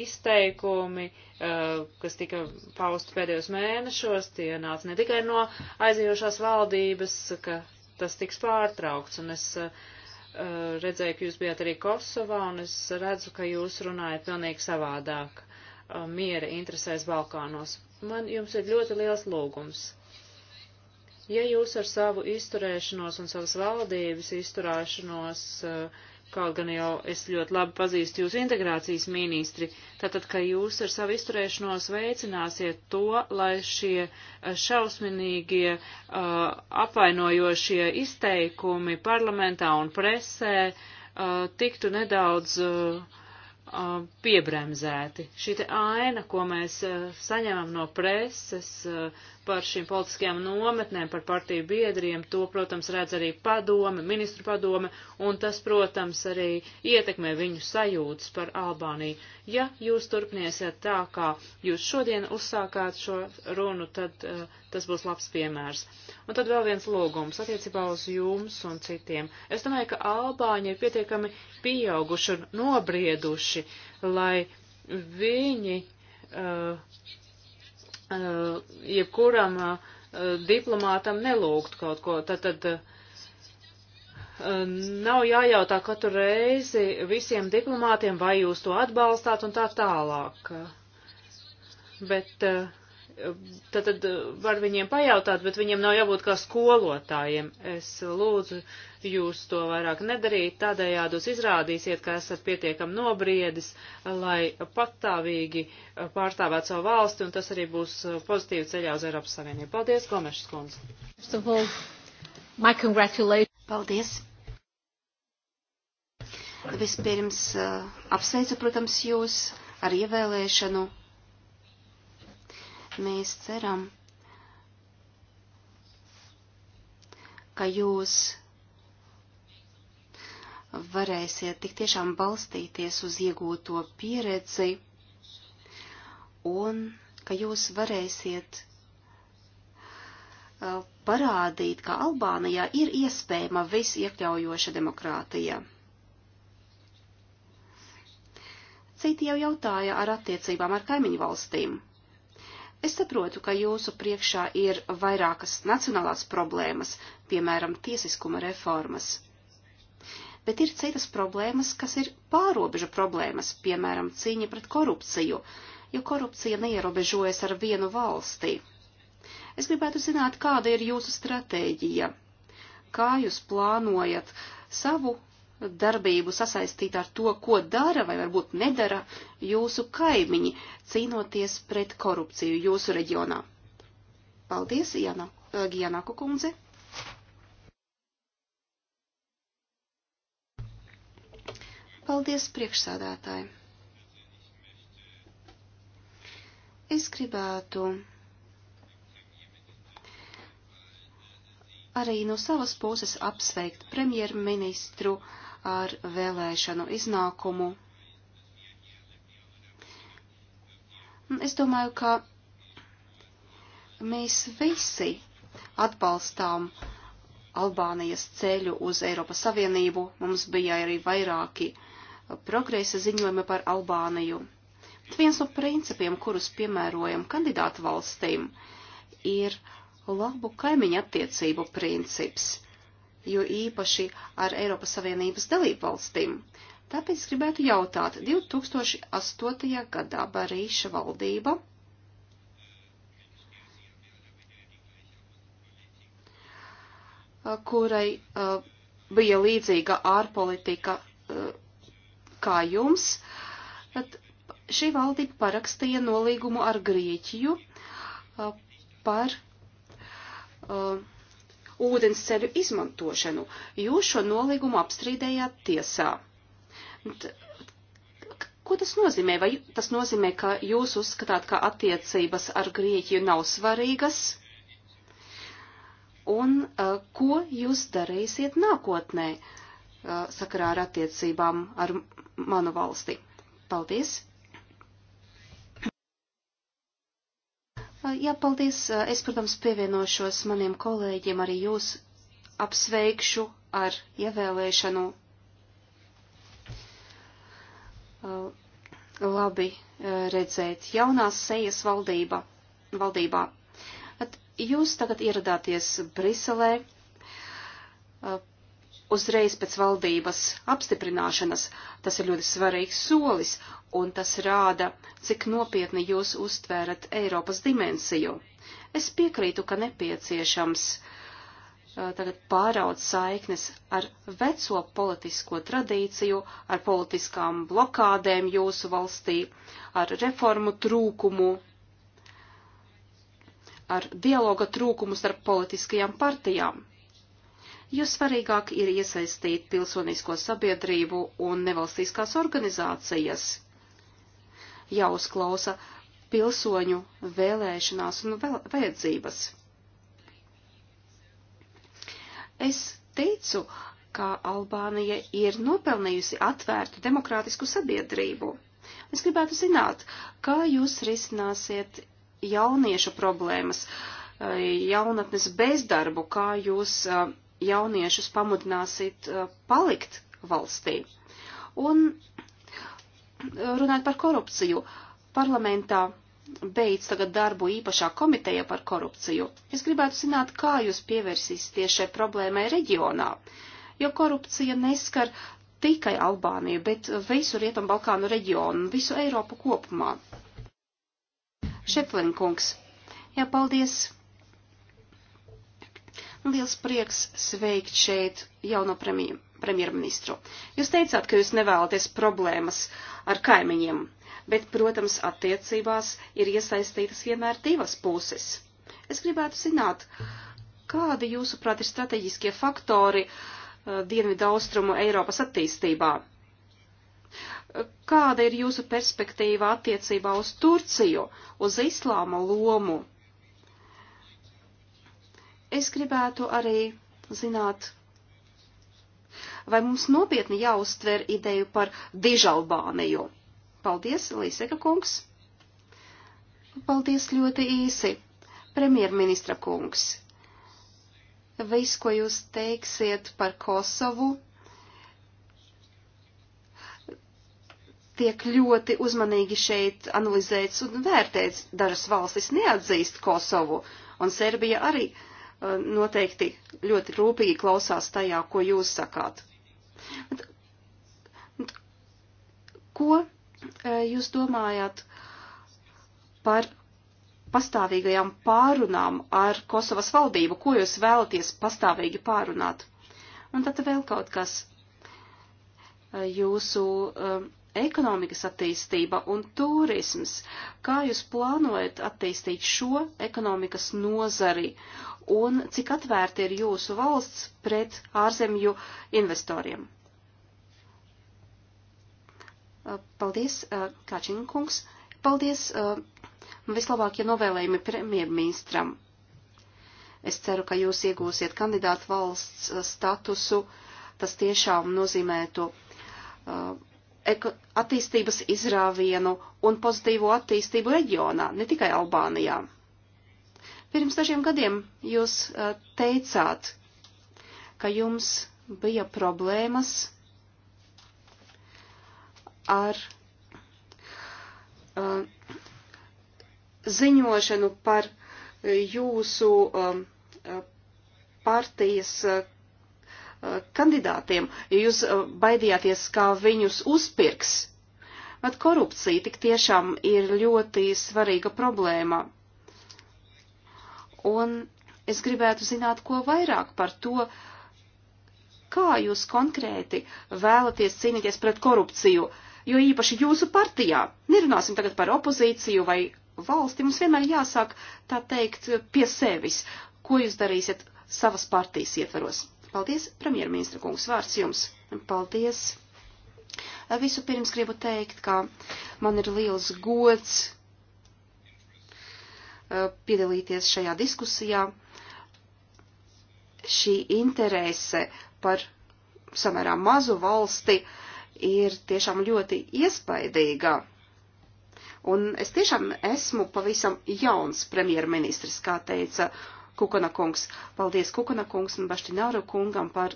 izteikumi, uh, kas tika pausti pēdējos mēnešos, tie nāca ne tikai no aizījošās valdības, ka tas tiks pārtraukts, un es uh, Eh, redzēju, ka jūs bijat arī Kosovā, un es redzu, ka jūs runājat pilnīgi savādāk eh, miera interesēs Balkānos. Man jums ir ļoti liels lūgums. Ja jūs ar savu izturēšanos un savas valdības izturēšanos uh, Kaut gan jau es ļoti labi pazīstu jūsu integrācijas ministri, tātad, ka jūs ar savu izturēšanos veicināsiet to, lai šie eh, šausminīgie uh, apvainojošie izteikumi parlamentā un presē uh, tiktu nedaudz uh, piebremzēti. Šī aina, ko mēs saņemam no preses, par šīm politiskajām nometnēm, par partiju biedriem, to, protams, redz arī padome, ministru padome, un tas, protams, arī ietekmē viņu sajūtas par Albāniju. Ja jūs turpiniesiet tā, kā jūs šodien uzsākāt šo runu, tad uh, tas būs labs piemērs. Un tad vēl viens lūgums attiecībā uz jums un citiem. Es domāju, ka Albāņi ir pietiekami pieauguši un nobrieduši, lai viņi. Uh, Eh, jebkuram eh, diplomātam nelūgt kaut ko. Tātad eh, nav jājautā katru reizi visiem diplomātiem, vai jūs to atbalstāt un tā tālāk. Bet uh, tad, tad var viņiem pajautāt, bet viņiem nav jābūt kā skolotājiem. Es lūdzu jūs to vairāk nedarīt, tādējādi jūs izrādīsiet, ka esat pietiekam nobriedis, lai patāvīgi pārstāvētu savu valsti, un tas arī būs pozitīvi ceļā uz Eiropas Savienību. Paldies, Gomešs kundze! Paldies! Vispirms uh, apsveicu, protams, jūs ar ievēlēšanu Mēs ceram, ka jūs varēsiet tik tiešām balstīties uz iegūto pieredzi un ka jūs varēsiet uh, parādīt, ka Albānijā ir iespējama visiekļaujoša demokrātija. Citi jau jautāja ar attiecībām ar kaimiņu valstīm. Es saprotu, ka jūsu priekšā ir vairākas nacionālās problēmas, piemēram, tiesiskuma reformas. Bet ir citas problēmas, kas ir pārobežu problēmas, piemēram, cīņa pret korupciju, jo korupcija neierobežojas ar vienu valstī. Es gribētu zināt, kāda ir jūsu stratēģija, kā jūs plānojat savu darbību sasaistīt ar to, ko dara vai varbūt nedara jūsu kaimiņi, cīnoties pret korupciju jūsu reģionā. Paldies, Jana, eh, Giana Kukundze. Paldies, priekšsādātāji. Es gribētu arī no savas puses apsveikt premjerministru uh, ar vēlēšanu iznākumu. Es domāju, ka mēs visi atbalstām Albānijas ceļu uz Eiropas Savienību. Mums bija arī vairāki uh, progresa ziņojumi par Albāniju. Bet viens no principiem, kurus piemērojam kandidātu valstīm, ir labu kaimiņu attiecību princips jo īpaši ar Eiropas Savienības dalību valstīm. Tāpēc gribētu jautāt, 2008. gadā Barīša valdība kurai uh, bija līdzīga ārpolitika uh, kā jums, tad šī valdība parakstīja nolīgumu ar Grieķiju uh, par uh, ūdensceļu izmantošanu. Jūs šo nolīgumu apstrīdējāt tiesā. Ko tas nozīmē? Vai tas nozīmē, ka jūs uzskatāt, ka attiecības ar Grieķiju nav svarīgas? Un uh, ko jūs darīsiet nākotnē uh, sakarā ar attiecībām ar manu valsti? Paldies! Uh, jā, paldies. Uh, es, protams, pievienošos maniem kolēģiem, arī jūs apsveikšu ar ievēlēšanu. Uh, labi redzēt jaunās sejas valdība, valdībā. At jūs tagad ieradāties Briselē uzreiz pēc valdības apstiprināšanas. Tas ir ļoti svarīgs solis, un tas rāda, cik nopietni jūs uztvērat Eiropas dimensiju. Es piekrītu, ka nepieciešams uh, tagad pāraud saiknes ar veco politisko tradīciju, ar politiskām blokādēm jūsu valstī, ar reformu trūkumu, ar dialoga trūkumu starp politiskajām partijām jo svarīgāk ir iesaistīt pilsonisko sabiedrību un nevalstiskās organizācijas. Jāuzklausa pilsoņu vēlēšanās un vēl vajadzības. Es teicu, ka Albānija ir nopelnījusi atvērtu demokrātisku sabiedrību. Es gribētu zināt, kā jūs risināsiet jauniešu problēmas, eh, jaunatnes bezdarbu, kā jūs eh, jauniešus pamudināsit uh, palikt valstī. Un uh, runāt par korupciju. Parlamentā beidz tagad darbu īpašā komiteja par korupciju. Es gribētu zināt, kā jūs pievērsīsieties šai problēmai reģionā, jo korupcija neskar tikai Albāniju, bet visu Rietumbalkānu reģionu un visu Eiropu kopumā. Šeplinkungs, jā, paldies! Liels prieks sveikt šeit jauno premj premjerministru. Jūs teicāt, ka jūs nevēlaties problēmas ar kaimiņiem, bet, protams, attiecībās ir iesaistītas vienmēr divas puses. Es gribētu zināt, kādi jūsuprāt ir strateģiskie faktori uh, Dienvidu austrumu Eiropas attīstībā? Kāda ir jūsu perspektīva attiecībā uz Turciju, uz islāma lomu Es gribētu arī zināt, vai mums nopietni jāuztver ideju par Dižalbāniju. Paldies, Līseka kungs! Paldies ļoti īsi, premjerministra kungs! Viss, ko jūs teiksiet par Kosovu, tiek ļoti uzmanīgi šeit analizēts un vērtēts. Dažas valstis neatzīst Kosovu, un Serbija arī uh, Eh, noteikti ļoti rūpīgi klausās tajā, ko jūs sakāt. Ko eh, jūs domājat par pastāvīgajām pārunām ar Kosovas valdību? Ko jūs vēlaties pastāvīgi pārunāt? Un tad vēl kaut kas eh, jūsu ekonomikas attīstība un turisms. Kā jūs plānojat attīstīt šo ekonomikas nozari un cik atvērti ir jūsu valsts pret ārzemju investoriem? Uh, paldies, uh, Kačinkungs. Paldies uh, vislabākie novēlējumi premjerministram. Es ceru, ka jūs iegūsiet kandidātu valsts statusu. Tas tiešām nozīmētu uh, attīstības izrāvienu un pozitīvo attīstību reģionā, ne tikai Albānijā. Pirms dažiem gadiem jūs eh, teicāt, ka jums bija problēmas ar uh, ziņošanu par eh, jūsu uh, partijas Uh, kandidātiem, ja jūs uh, baidījāties, kā viņus uzpirks. Bet korupcija tik tiešām ir ļoti svarīga problēma. Un es gribētu zināt, ko vairāk par to, kā jūs konkrēti vēlaties cīnīties pret korupciju, jo īpaši jūsu partijā. Nerunāsim tagad par opozīciju vai valsti, mums vienmēr jāsāk, tā teikt, pie sevis, ko jūs darīsiet savas partijas ietveros. Paldies, premjerministra kungs, vārds jums. Paldies. Visu pirms gribu teikt, ka man ir liels gods piedalīties šajā diskusijā. Šī interese par samērā mazu valsti ir tiešām ļoti iespaidīga. Un es tiešām esmu pavisam jauns premjerministrs, kā teica uh, Kukana kungs. Paldies Kukana kungs un Baštināru kungam par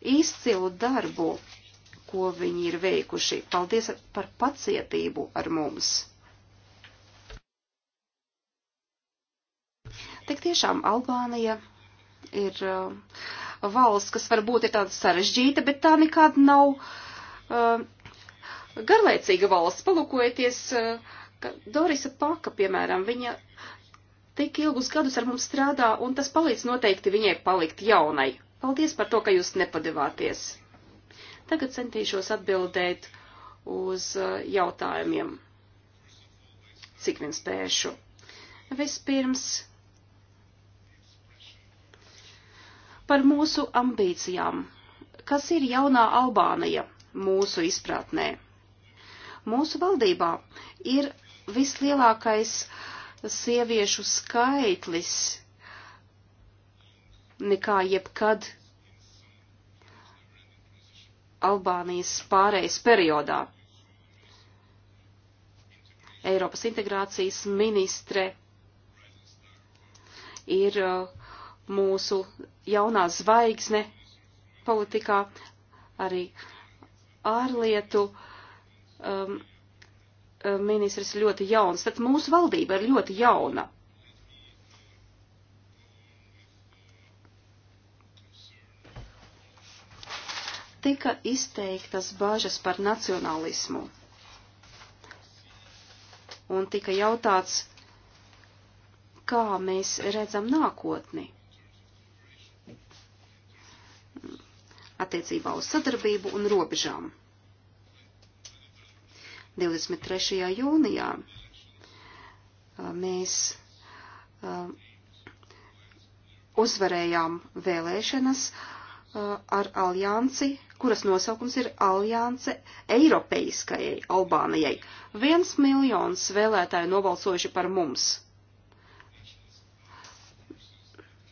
izcilu darbu, ko viņi ir veikuši. Paldies par pacietību ar mums. Tik tiešām Albānija ir uh, valsts, kas varbūt ir tāda sarežģīta, bet tā nekad nav uh, garlaicīga valsts. Palūkojieties, uh, Dorisa Paka, piemēram, viņa tik ilgus gadus ar mums strādā, un tas palīdz noteikti viņai palikt jaunai. Paldies par to, ka jūs nepadevāties. Tagad centīšos atbildēt uz eh, jautājumiem, cik vien spēšu. Vispirms par mūsu ambīcijām. Kas ir jaunā Albānija mūsu izpratnē? Mūsu valdībā ir vislielākais uh, sieviešu skaitlis nekā jebkad Albānijas pārējais periodā. Eiropas integrācijas ministre ir uh, mūsu jaunā zvaigzne politikā, arī ārlietu um, Eh, ministrs ir ļoti jauns, tad mūsu valdība ir ļoti jauna. Tika izteiktas bažas par nacionalismu. Un tika jautāts, kā mēs redzam nākotni attiecībā uz sadarbību un robežām. 23. jūnijā. Mēs uzvarējām vēlēšanas ar aliansi, kuras nosaukums ir Alianse Eiropeiskajai Albānijai. Viens miljons vēlētāju nobalsojuši par mums.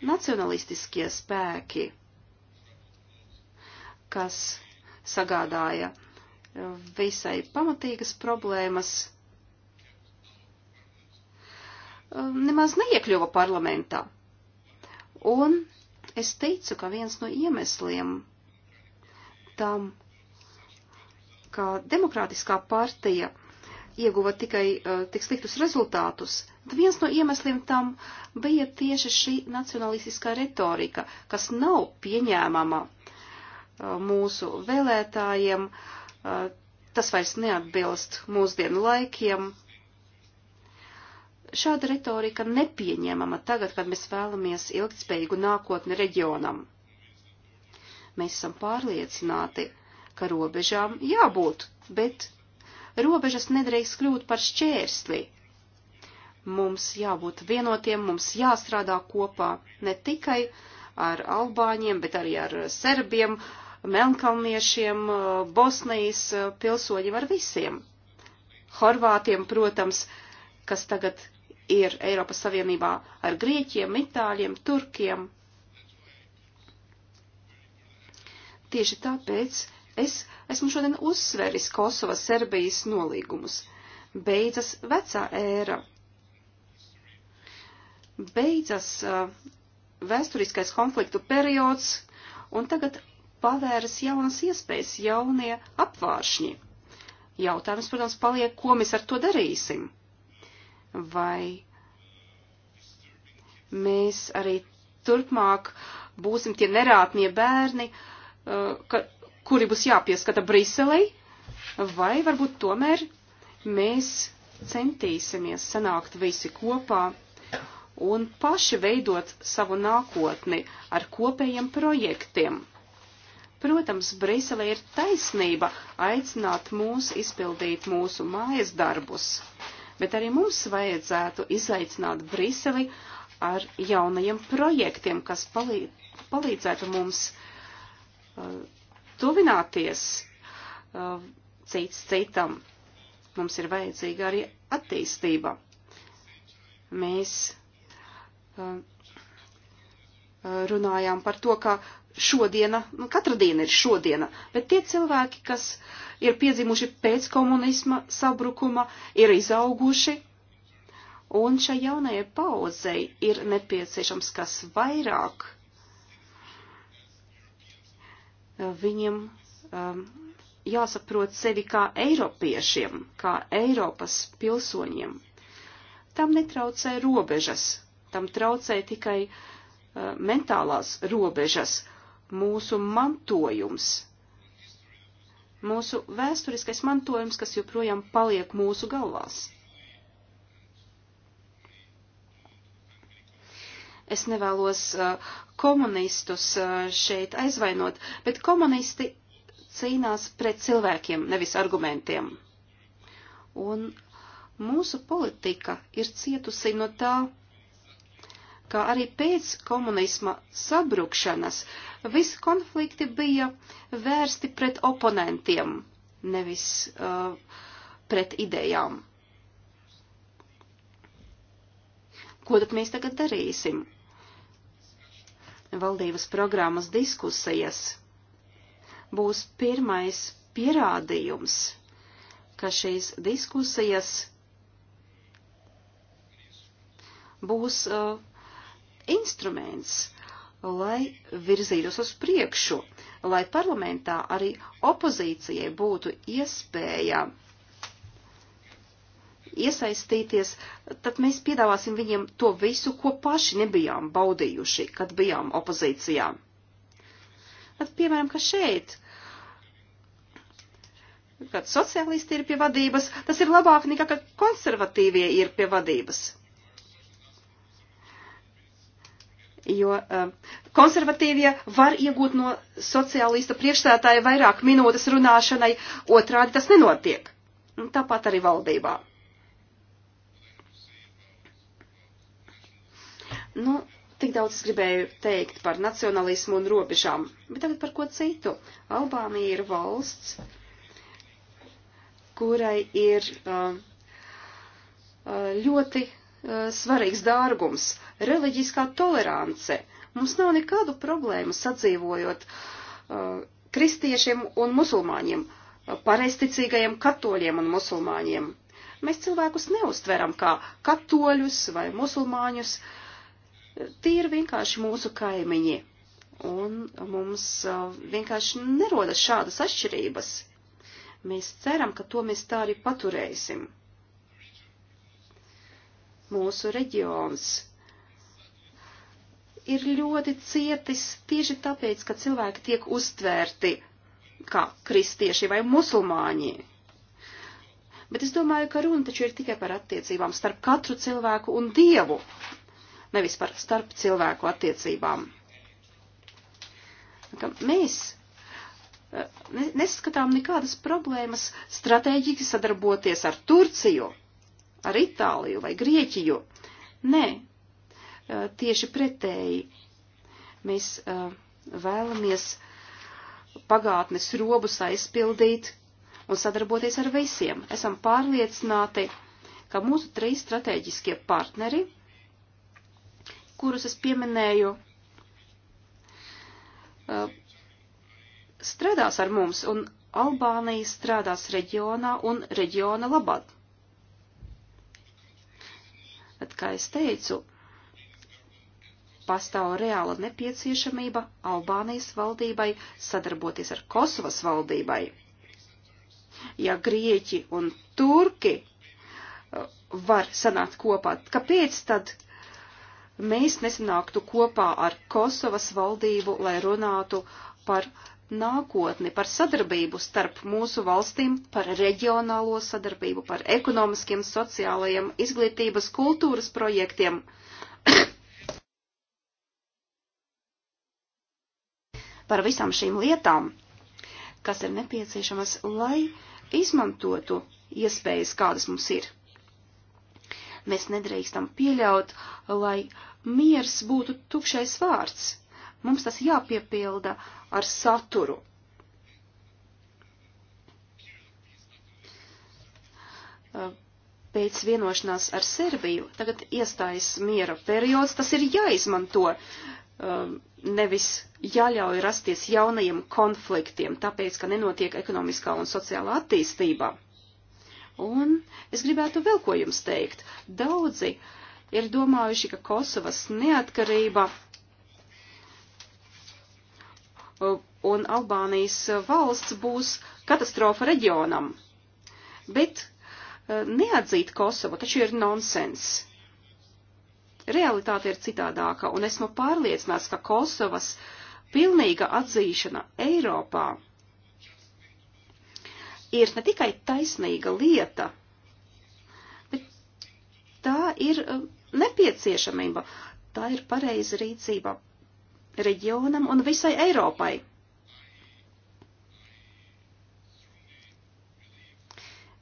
Nacionalistiskie spēki, kas sagādāja uh, visai pamatīgas problēmas, um, nemaz neiekļuva parlamentā. Un es teicu, ka viens no iemesliem tam, ka demokrātiskā partija ieguva tikai uh, tik sliktus rezultātus, viens no iemesliem tam bija tieši šī nacionalistiskā retorika, kas nav pieņēmama uh, mūsu vēlētājiem, uh, Eh, tas vairs neatbilst mūsdienu laikiem. Šāda retorika nepieņemama tagad, kad mēs vēlamies ilgtspējīgu nākotni reģionam. Mēs esam pārliecināti, ka robežām jābūt, bet robežas nedrīkst kļūt par šķērsli. Mums jābūt vienotiem, mums jāstrādā kopā ne tikai ar Albāņiem, bet arī ar Serbiem, uh, melnkalniešiem, eh, Bosnijas eh, pilsoņiem ar visiem. Horvātiem, protams, kas tagad ir Eiropas Savienībā ar grieķiem, itāļiem, turkiem. Tieši tāpēc es esmu šodien uzsveris Kosovas Serbijas nolīgumus. Beidzas vecā ēra. Beidzas uh, vēsturiskais konfliktu periods, un tagad pavēras jaunas iespējas, jaunie apvāršņi. Jautājums, protams, paliek, ko mēs ar to darīsim? Vai mēs arī turpmāk būsim tie nerātnie bērni, uh, ka, kuri būs jāpieskata Briselei, vai varbūt tomēr mēs centīsimies sanākt visi kopā un paši veidot savu nākotni ar kopējiem projektiem, Protams, Brisele ir taisnība aicināt mūs izpildīt mūsu mājas darbus, bet arī mums vajadzētu izaicināt Briseli ar jaunajiem projektiem, kas palīd, palīdzētu mums uh, tuvināties uh, cits citam. Mums ir vajadzīga arī attīstība. Mēs uh, runājām par to, ka šodiena, nu, katra diena ir šodiena, bet tie cilvēki, kas ir piedzimuši pēc komunisma sabrukuma, ir izauguši, un šai jaunajai paudzei ir nepieciešams kas vairāk. Viņiem um, jāsaprot sevi kā eiropiešiem, kā Eiropas pilsoņiem. Tam netraucē robežas, tam traucē tikai uh, mentālās robežas, mūsu mantojums, mūsu vēsturiskais mantojums, kas joprojām paliek mūsu galvās. Es nevēlos uh, komunistus uh, šeit aizvainot, bet komunisti cīnās pret cilvēkiem, nevis argumentiem. Un mūsu politika ir cietusi no tā, ka arī pēc komunisma sabrukšanas visi konflikti bija vērsti pret oponentiem, nevis uh, pret idejām. Ko tad mēs tagad darīsim? Valdības programmas diskusijas būs pirmais pierādījums, ka šīs diskusijas būs uh, instruments, lai virzītos uz priekšu, lai parlamentā arī opozīcijai būtu iespēja iesaistīties, tad mēs piedāvāsim viņiem to visu, ko paši nebijām baudījuši, kad bijām opozīcijā. Tad, piemēram, ka šeit, kad sociālisti ir pie vadības, tas ir labāk nekā, kad konservatīvie ir pie vadības. jo um, konservatīvie var iegūt no sociālista priekšstādātāja vairāk minūtes runāšanai, otrādi tas nenotiek. Tāpat arī valdībā. Nu, tik daudz es gribēju teikt par nacionalismu un robežām, bet tagad par ko citu. Albānija ir valsts, kurai ir uh, uh ļoti Eh, svarīgs dārgums - reliģiskā tolerance. Mums nav nekādu problēmu sadzīvojot uh, kristiešiem un musulmaņiem, eh, pareisticīgajiem katoļiem un musulmaņiem. Mēs cilvēkus neustveram kā katoļus vai musulmaņus, tie ir vienkārši mūsu kaimiņi, un mums uh, vienkārši nerodas šādas atšķirības. Mēs ceram, ka to mēs tā arī paturēsim mūsu reģions ir ļoti cietis tieši tāpēc, ka cilvēki tiek uztvērti kā kristieši vai musulmāņi. Bet es domāju, ka runa taču ir tikai par attiecībām starp katru cilvēku un dievu, nevis par starp cilvēku attiecībām. Ka mēs eh, neskatām nekādas problēmas strateģiski sadarboties ar Turciju, ar Itāliju vai Grieķiju. Nē, tieši pretēji. Mēs vēlamies pagātnes robus aizpildīt un sadarboties ar visiem. Esam pārliecināti, ka mūsu trīs strateģiskie partneri, kurus es pieminēju, strādās ar mums, un Albānija strādās reģionā un reģiona labad bet, kā es teicu, pastāv reāla nepieciešamība Albānijas valdībai sadarboties ar Kosovas valdībai. Ja grieķi un turki uh, var sanākt kopā, kāpēc tad mēs nesanāktu kopā ar Kosovas valdību, lai runātu par nākotni, par sadarbību starp mūsu valstīm, par reģionālo sadarbību, par ekonomiskiem, sociālajiem, izglītības, kultūras projektiem. par visām šīm lietām, kas ir nepieciešamas, lai izmantotu iespējas, kādas mums ir. Mēs nedrīkstam pieļaut, lai miers būtu tukšais vārds, Mums tas jāpiepilda ar saturu. Pēc vienošanās ar Serbiju tagad iestājas miera periods, tas ir jāizmanto, nevis jāļauj rasties jaunajiem konfliktiem, tāpēc, ka nenotiek ekonomiskā un sociālā attīstība. Un es gribētu vēl ko jums teikt. Daudzi ir domājuši, ka Kosovas neatkarība un Albānijas valsts būs katastrofa reģionam. Bet eh, neatzīt Kosovu taču ir nonsens. Realitāte ir citādāka, un esmu pārliecināts, ka Kosovas pilnīga atzīšana Eiropā ir ne tikai taisnīga lieta, bet tā ir eh, nepieciešamība, tā ir pareiza rīcība reģionam un visai Eiropai.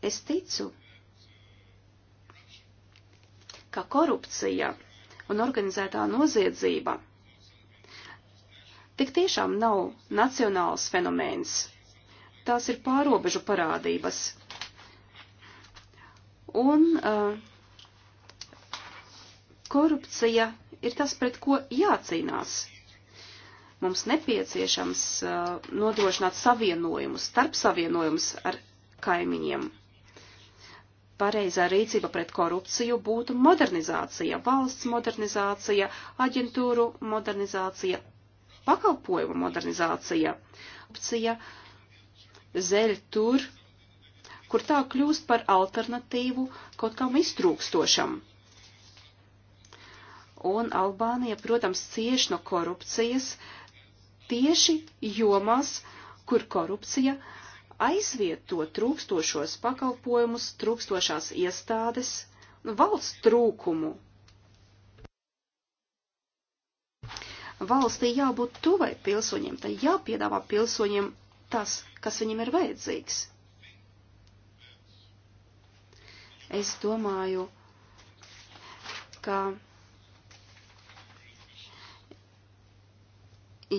Es ticu, ka korupcija un organizētā noziedzība tik tiešām nav nacionāls fenomens. Tās ir pārobežu parādības. Un uh, korupcija ir tas, pret ko jācīnās. Mums nepieciešams uh, nodrošināt savienojumus, starp savienojumus ar kaimiņiem. Pareizā rīcība pret korupciju būtu modernizācija, valsts modernizācija, aģentūru modernizācija, pakalpojumu modernizācija. Opcija zeļ tur, kur tā kļūst par alternatīvu kaut kam iztrūkstošam. Un Albānija, protams, cieš no korupcijas, tieši jomās, kur korupcija aizvieto trūkstošos pakalpojumus, trūkstošās iestādes, valsts trūkumu. Valstī jābūt tuvai pilsoņiem, tai jāpiedāvā pilsoņiem tas, kas viņiem ir vajadzīgs. Es domāju, ka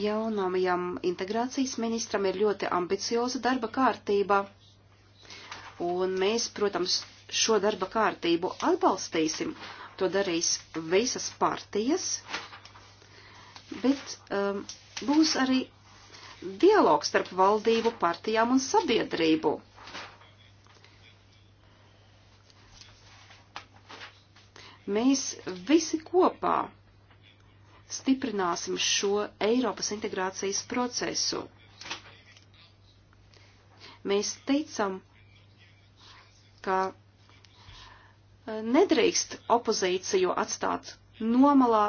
jaunamajam integrācijas ministram ir ļoti ambicioza darba kārtība, un mēs, protams, šo darba kārtību atbalstīsim. To darīs visas partijas, bet um, būs arī dialogs starp valdību, partijām un sabiedrību. Mēs visi kopā stiprināsim šo Eiropas integrācijas procesu. Mēs teicam, ka e, nedrīkst opozīciju atstāt nomalā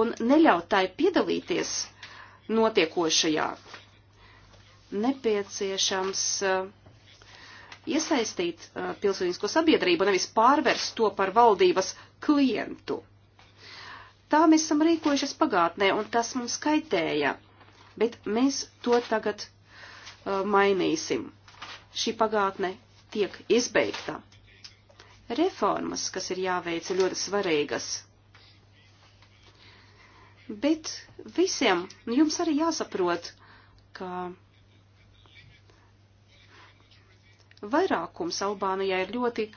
un neļaut tai piedalīties notiekošajā. Nepieciešams e, iesaistīt e, pilsonisko sabiedrību, nevis pārvērst to par valdības klientu. Tā mēs esam rīkojušies pagātnē, un tas mums kaitēja. Bet mēs to tagad uh, mainīsim. Šī pagātne tiek izbeigta. Reformas, kas ir jāveic, ir ļoti svarīgas. Bet visiem, nu jums arī jāsaprot, ka vairākums Albānijā ir ļoti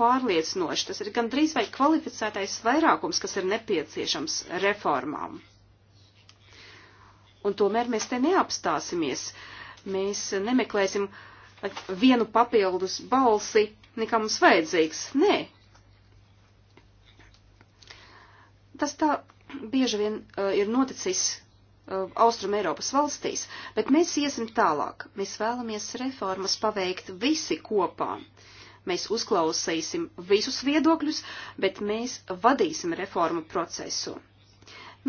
pārliecinoši. Tas ir gandrīz vai kvalificētais vairākums, kas ir nepieciešams reformām. Un tomēr mēs te neapstāsimies. Mēs nemeklēsim vienu papildus balsi, nekā mums vajadzīgs. Nē. Tas tā bieži vien uh, ir noticis uh, Austrum Eiropas valstīs, bet mēs iesim tālāk. Mēs vēlamies reformas paveikt visi kopā. Uh, Mēs uzklausīsim visus viedokļus, bet mēs vadīsim reformu procesu.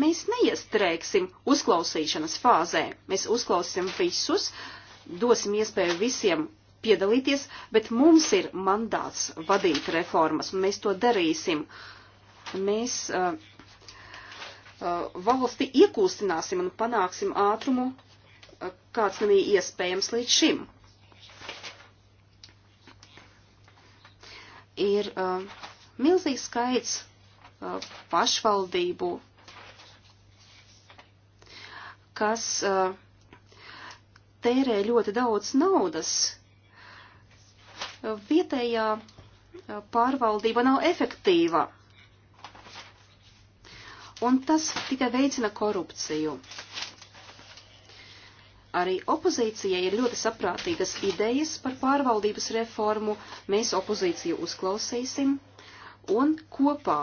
Mēs neiestrēgsim uzklausīšanas fāzē. Mēs uzklausīsim visus, dosim iespēju visiem piedalīties, bet mums ir mandāts vadīt reformas, un mēs to darīsim. Mēs uh, uh, valsti iekūstināsim un panāksim ātrumu, uh, kāds nebija nu iespējams līdz šim. ir uh, milzīgs skaits uh, pašvaldību, kas uh, tērē ļoti daudz naudas. Vietējā uh, pārvaldība nav efektīva. Un tas tikai veicina korupciju. Uh, Arī opozīcijai ir ļoti saprātīgas idejas par pārvaldības reformu, mēs opozīciju uzklausīsim un kopā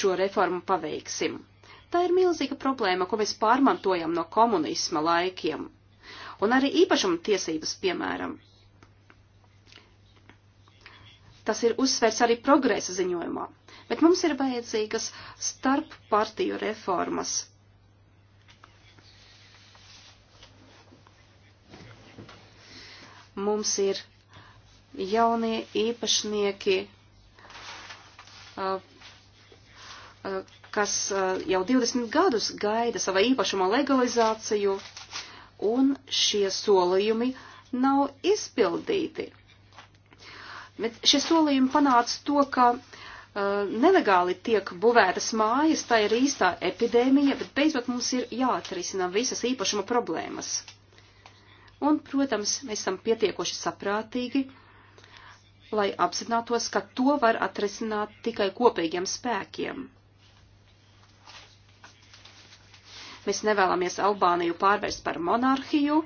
šo reformu paveiksim. Tā ir milzīga problēma, ko mēs pārmantojam no komunisma laikiem, un arī īpašuma tiesības, piemēram. Tas ir uzsvērts arī progresa ziņojumā, bet mums ir vajadzīgas starp partiju reformas, Mums ir jaunie īpašnieki, kas jau 20 gadus gaida savā īpašuma legalizāciju, un šie solījumi nav izpildīti. Bet šie solījumi panāca to, ka nelegāli tiek būvētas mājas, tā ir īstā epidēmija, bet beidzot mums ir jāatrisina visas īpašuma problēmas. Un, protams, mēs esam pietiekoši saprātīgi, lai apzinātos, ka to var atrisināt tikai kopīgiem spēkiem. Mēs nevēlamies Albāniju pārvērst par monarhiju.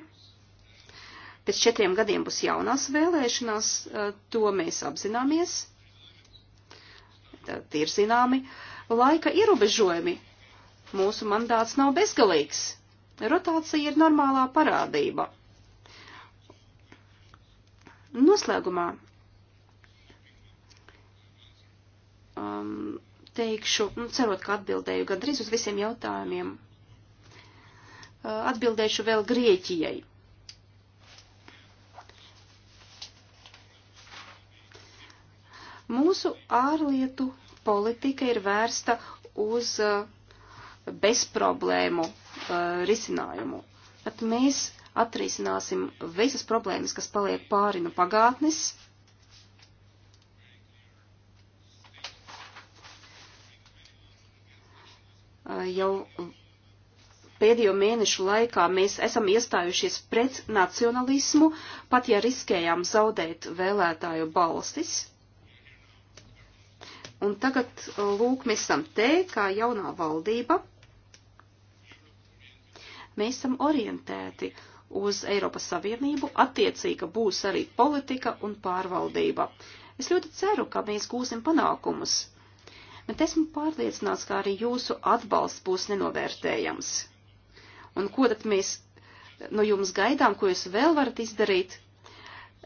Pēc četriem gadiem būs jaunās vēlēšanās, eh, to mēs apzināmies. Tad ir zināmi laika ierobežojumi. Mūsu mandāts nav bezgalīgs. Rotācija ir normālā parādība. Noslēgumā um, teikšu, nu, cerot, ka atbildēju gandrīz uz visiem jautājumiem. Uh, atbildēšu vēl Grieķijai. Mūsu ārlietu politika ir vērsta uz uh, bezproblēmu uh, risinājumu. Bet mēs atrisināsim visas problēmas, kas paliek pāri no pagātnes. Jau pēdējo mēnešu laikā mēs esam iestājušies pret nacionalismu, pat ja riskējām zaudēt vēlētāju balstis. Un tagad, lūk, mēs esam te, kā jaunā valdība. Mēs esam orientēti uz Eiropas Savienību, attiecīga būs arī politika un pārvaldība. Es ļoti ceru, ka mēs gūsim panākumus, bet esmu pārliecināts, ka arī jūsu atbalsts būs nenovērtējams. Un ko tad mēs no jums gaidām, ko jūs vēl varat izdarīt?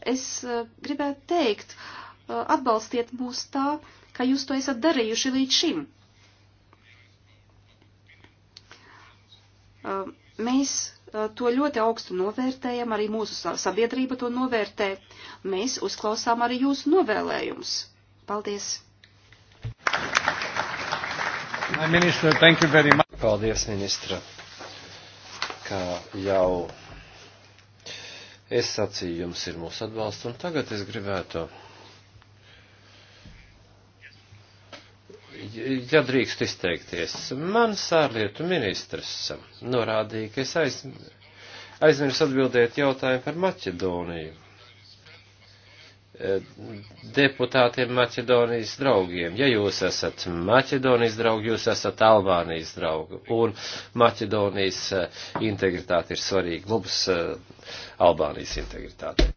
Es uh, gribētu teikt, uh, atbalstiet mūs tā, kā jūs to esat darījuši līdz šim. Uh, mēs Eh, to ļoti augstu novērtējam, arī mūsu sabiedrība to novērtē. Mēs uzklausām arī jūsu novēlējumus. Paldies! Minister, Paldies, ministra, kā jau es sacīju, jums ir mūsu atbalsts, un tagad es gribētu. ja drīkst izteikties, mans ārlietu ministrs norādīja, ka es aiz, aizmirsu atbildēt jautājumu par Maķedoniju. Eh, deputātiem Maķedonijas draugiem. Ja jūs esat Maķedonijas draugi, jūs esat Albānijas draugi. Un Maķedonijas eh, integritāte ir svarīga mums, eh, Albānijas integritāte.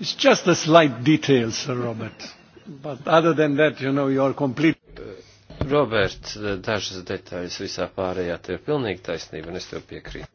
It's just the slight details, Sir Robert. But other than that, you know, you are complete. Robert, dažas detaļas visā pārējā tev pilnīgi taisnība, un es tev piekrītu.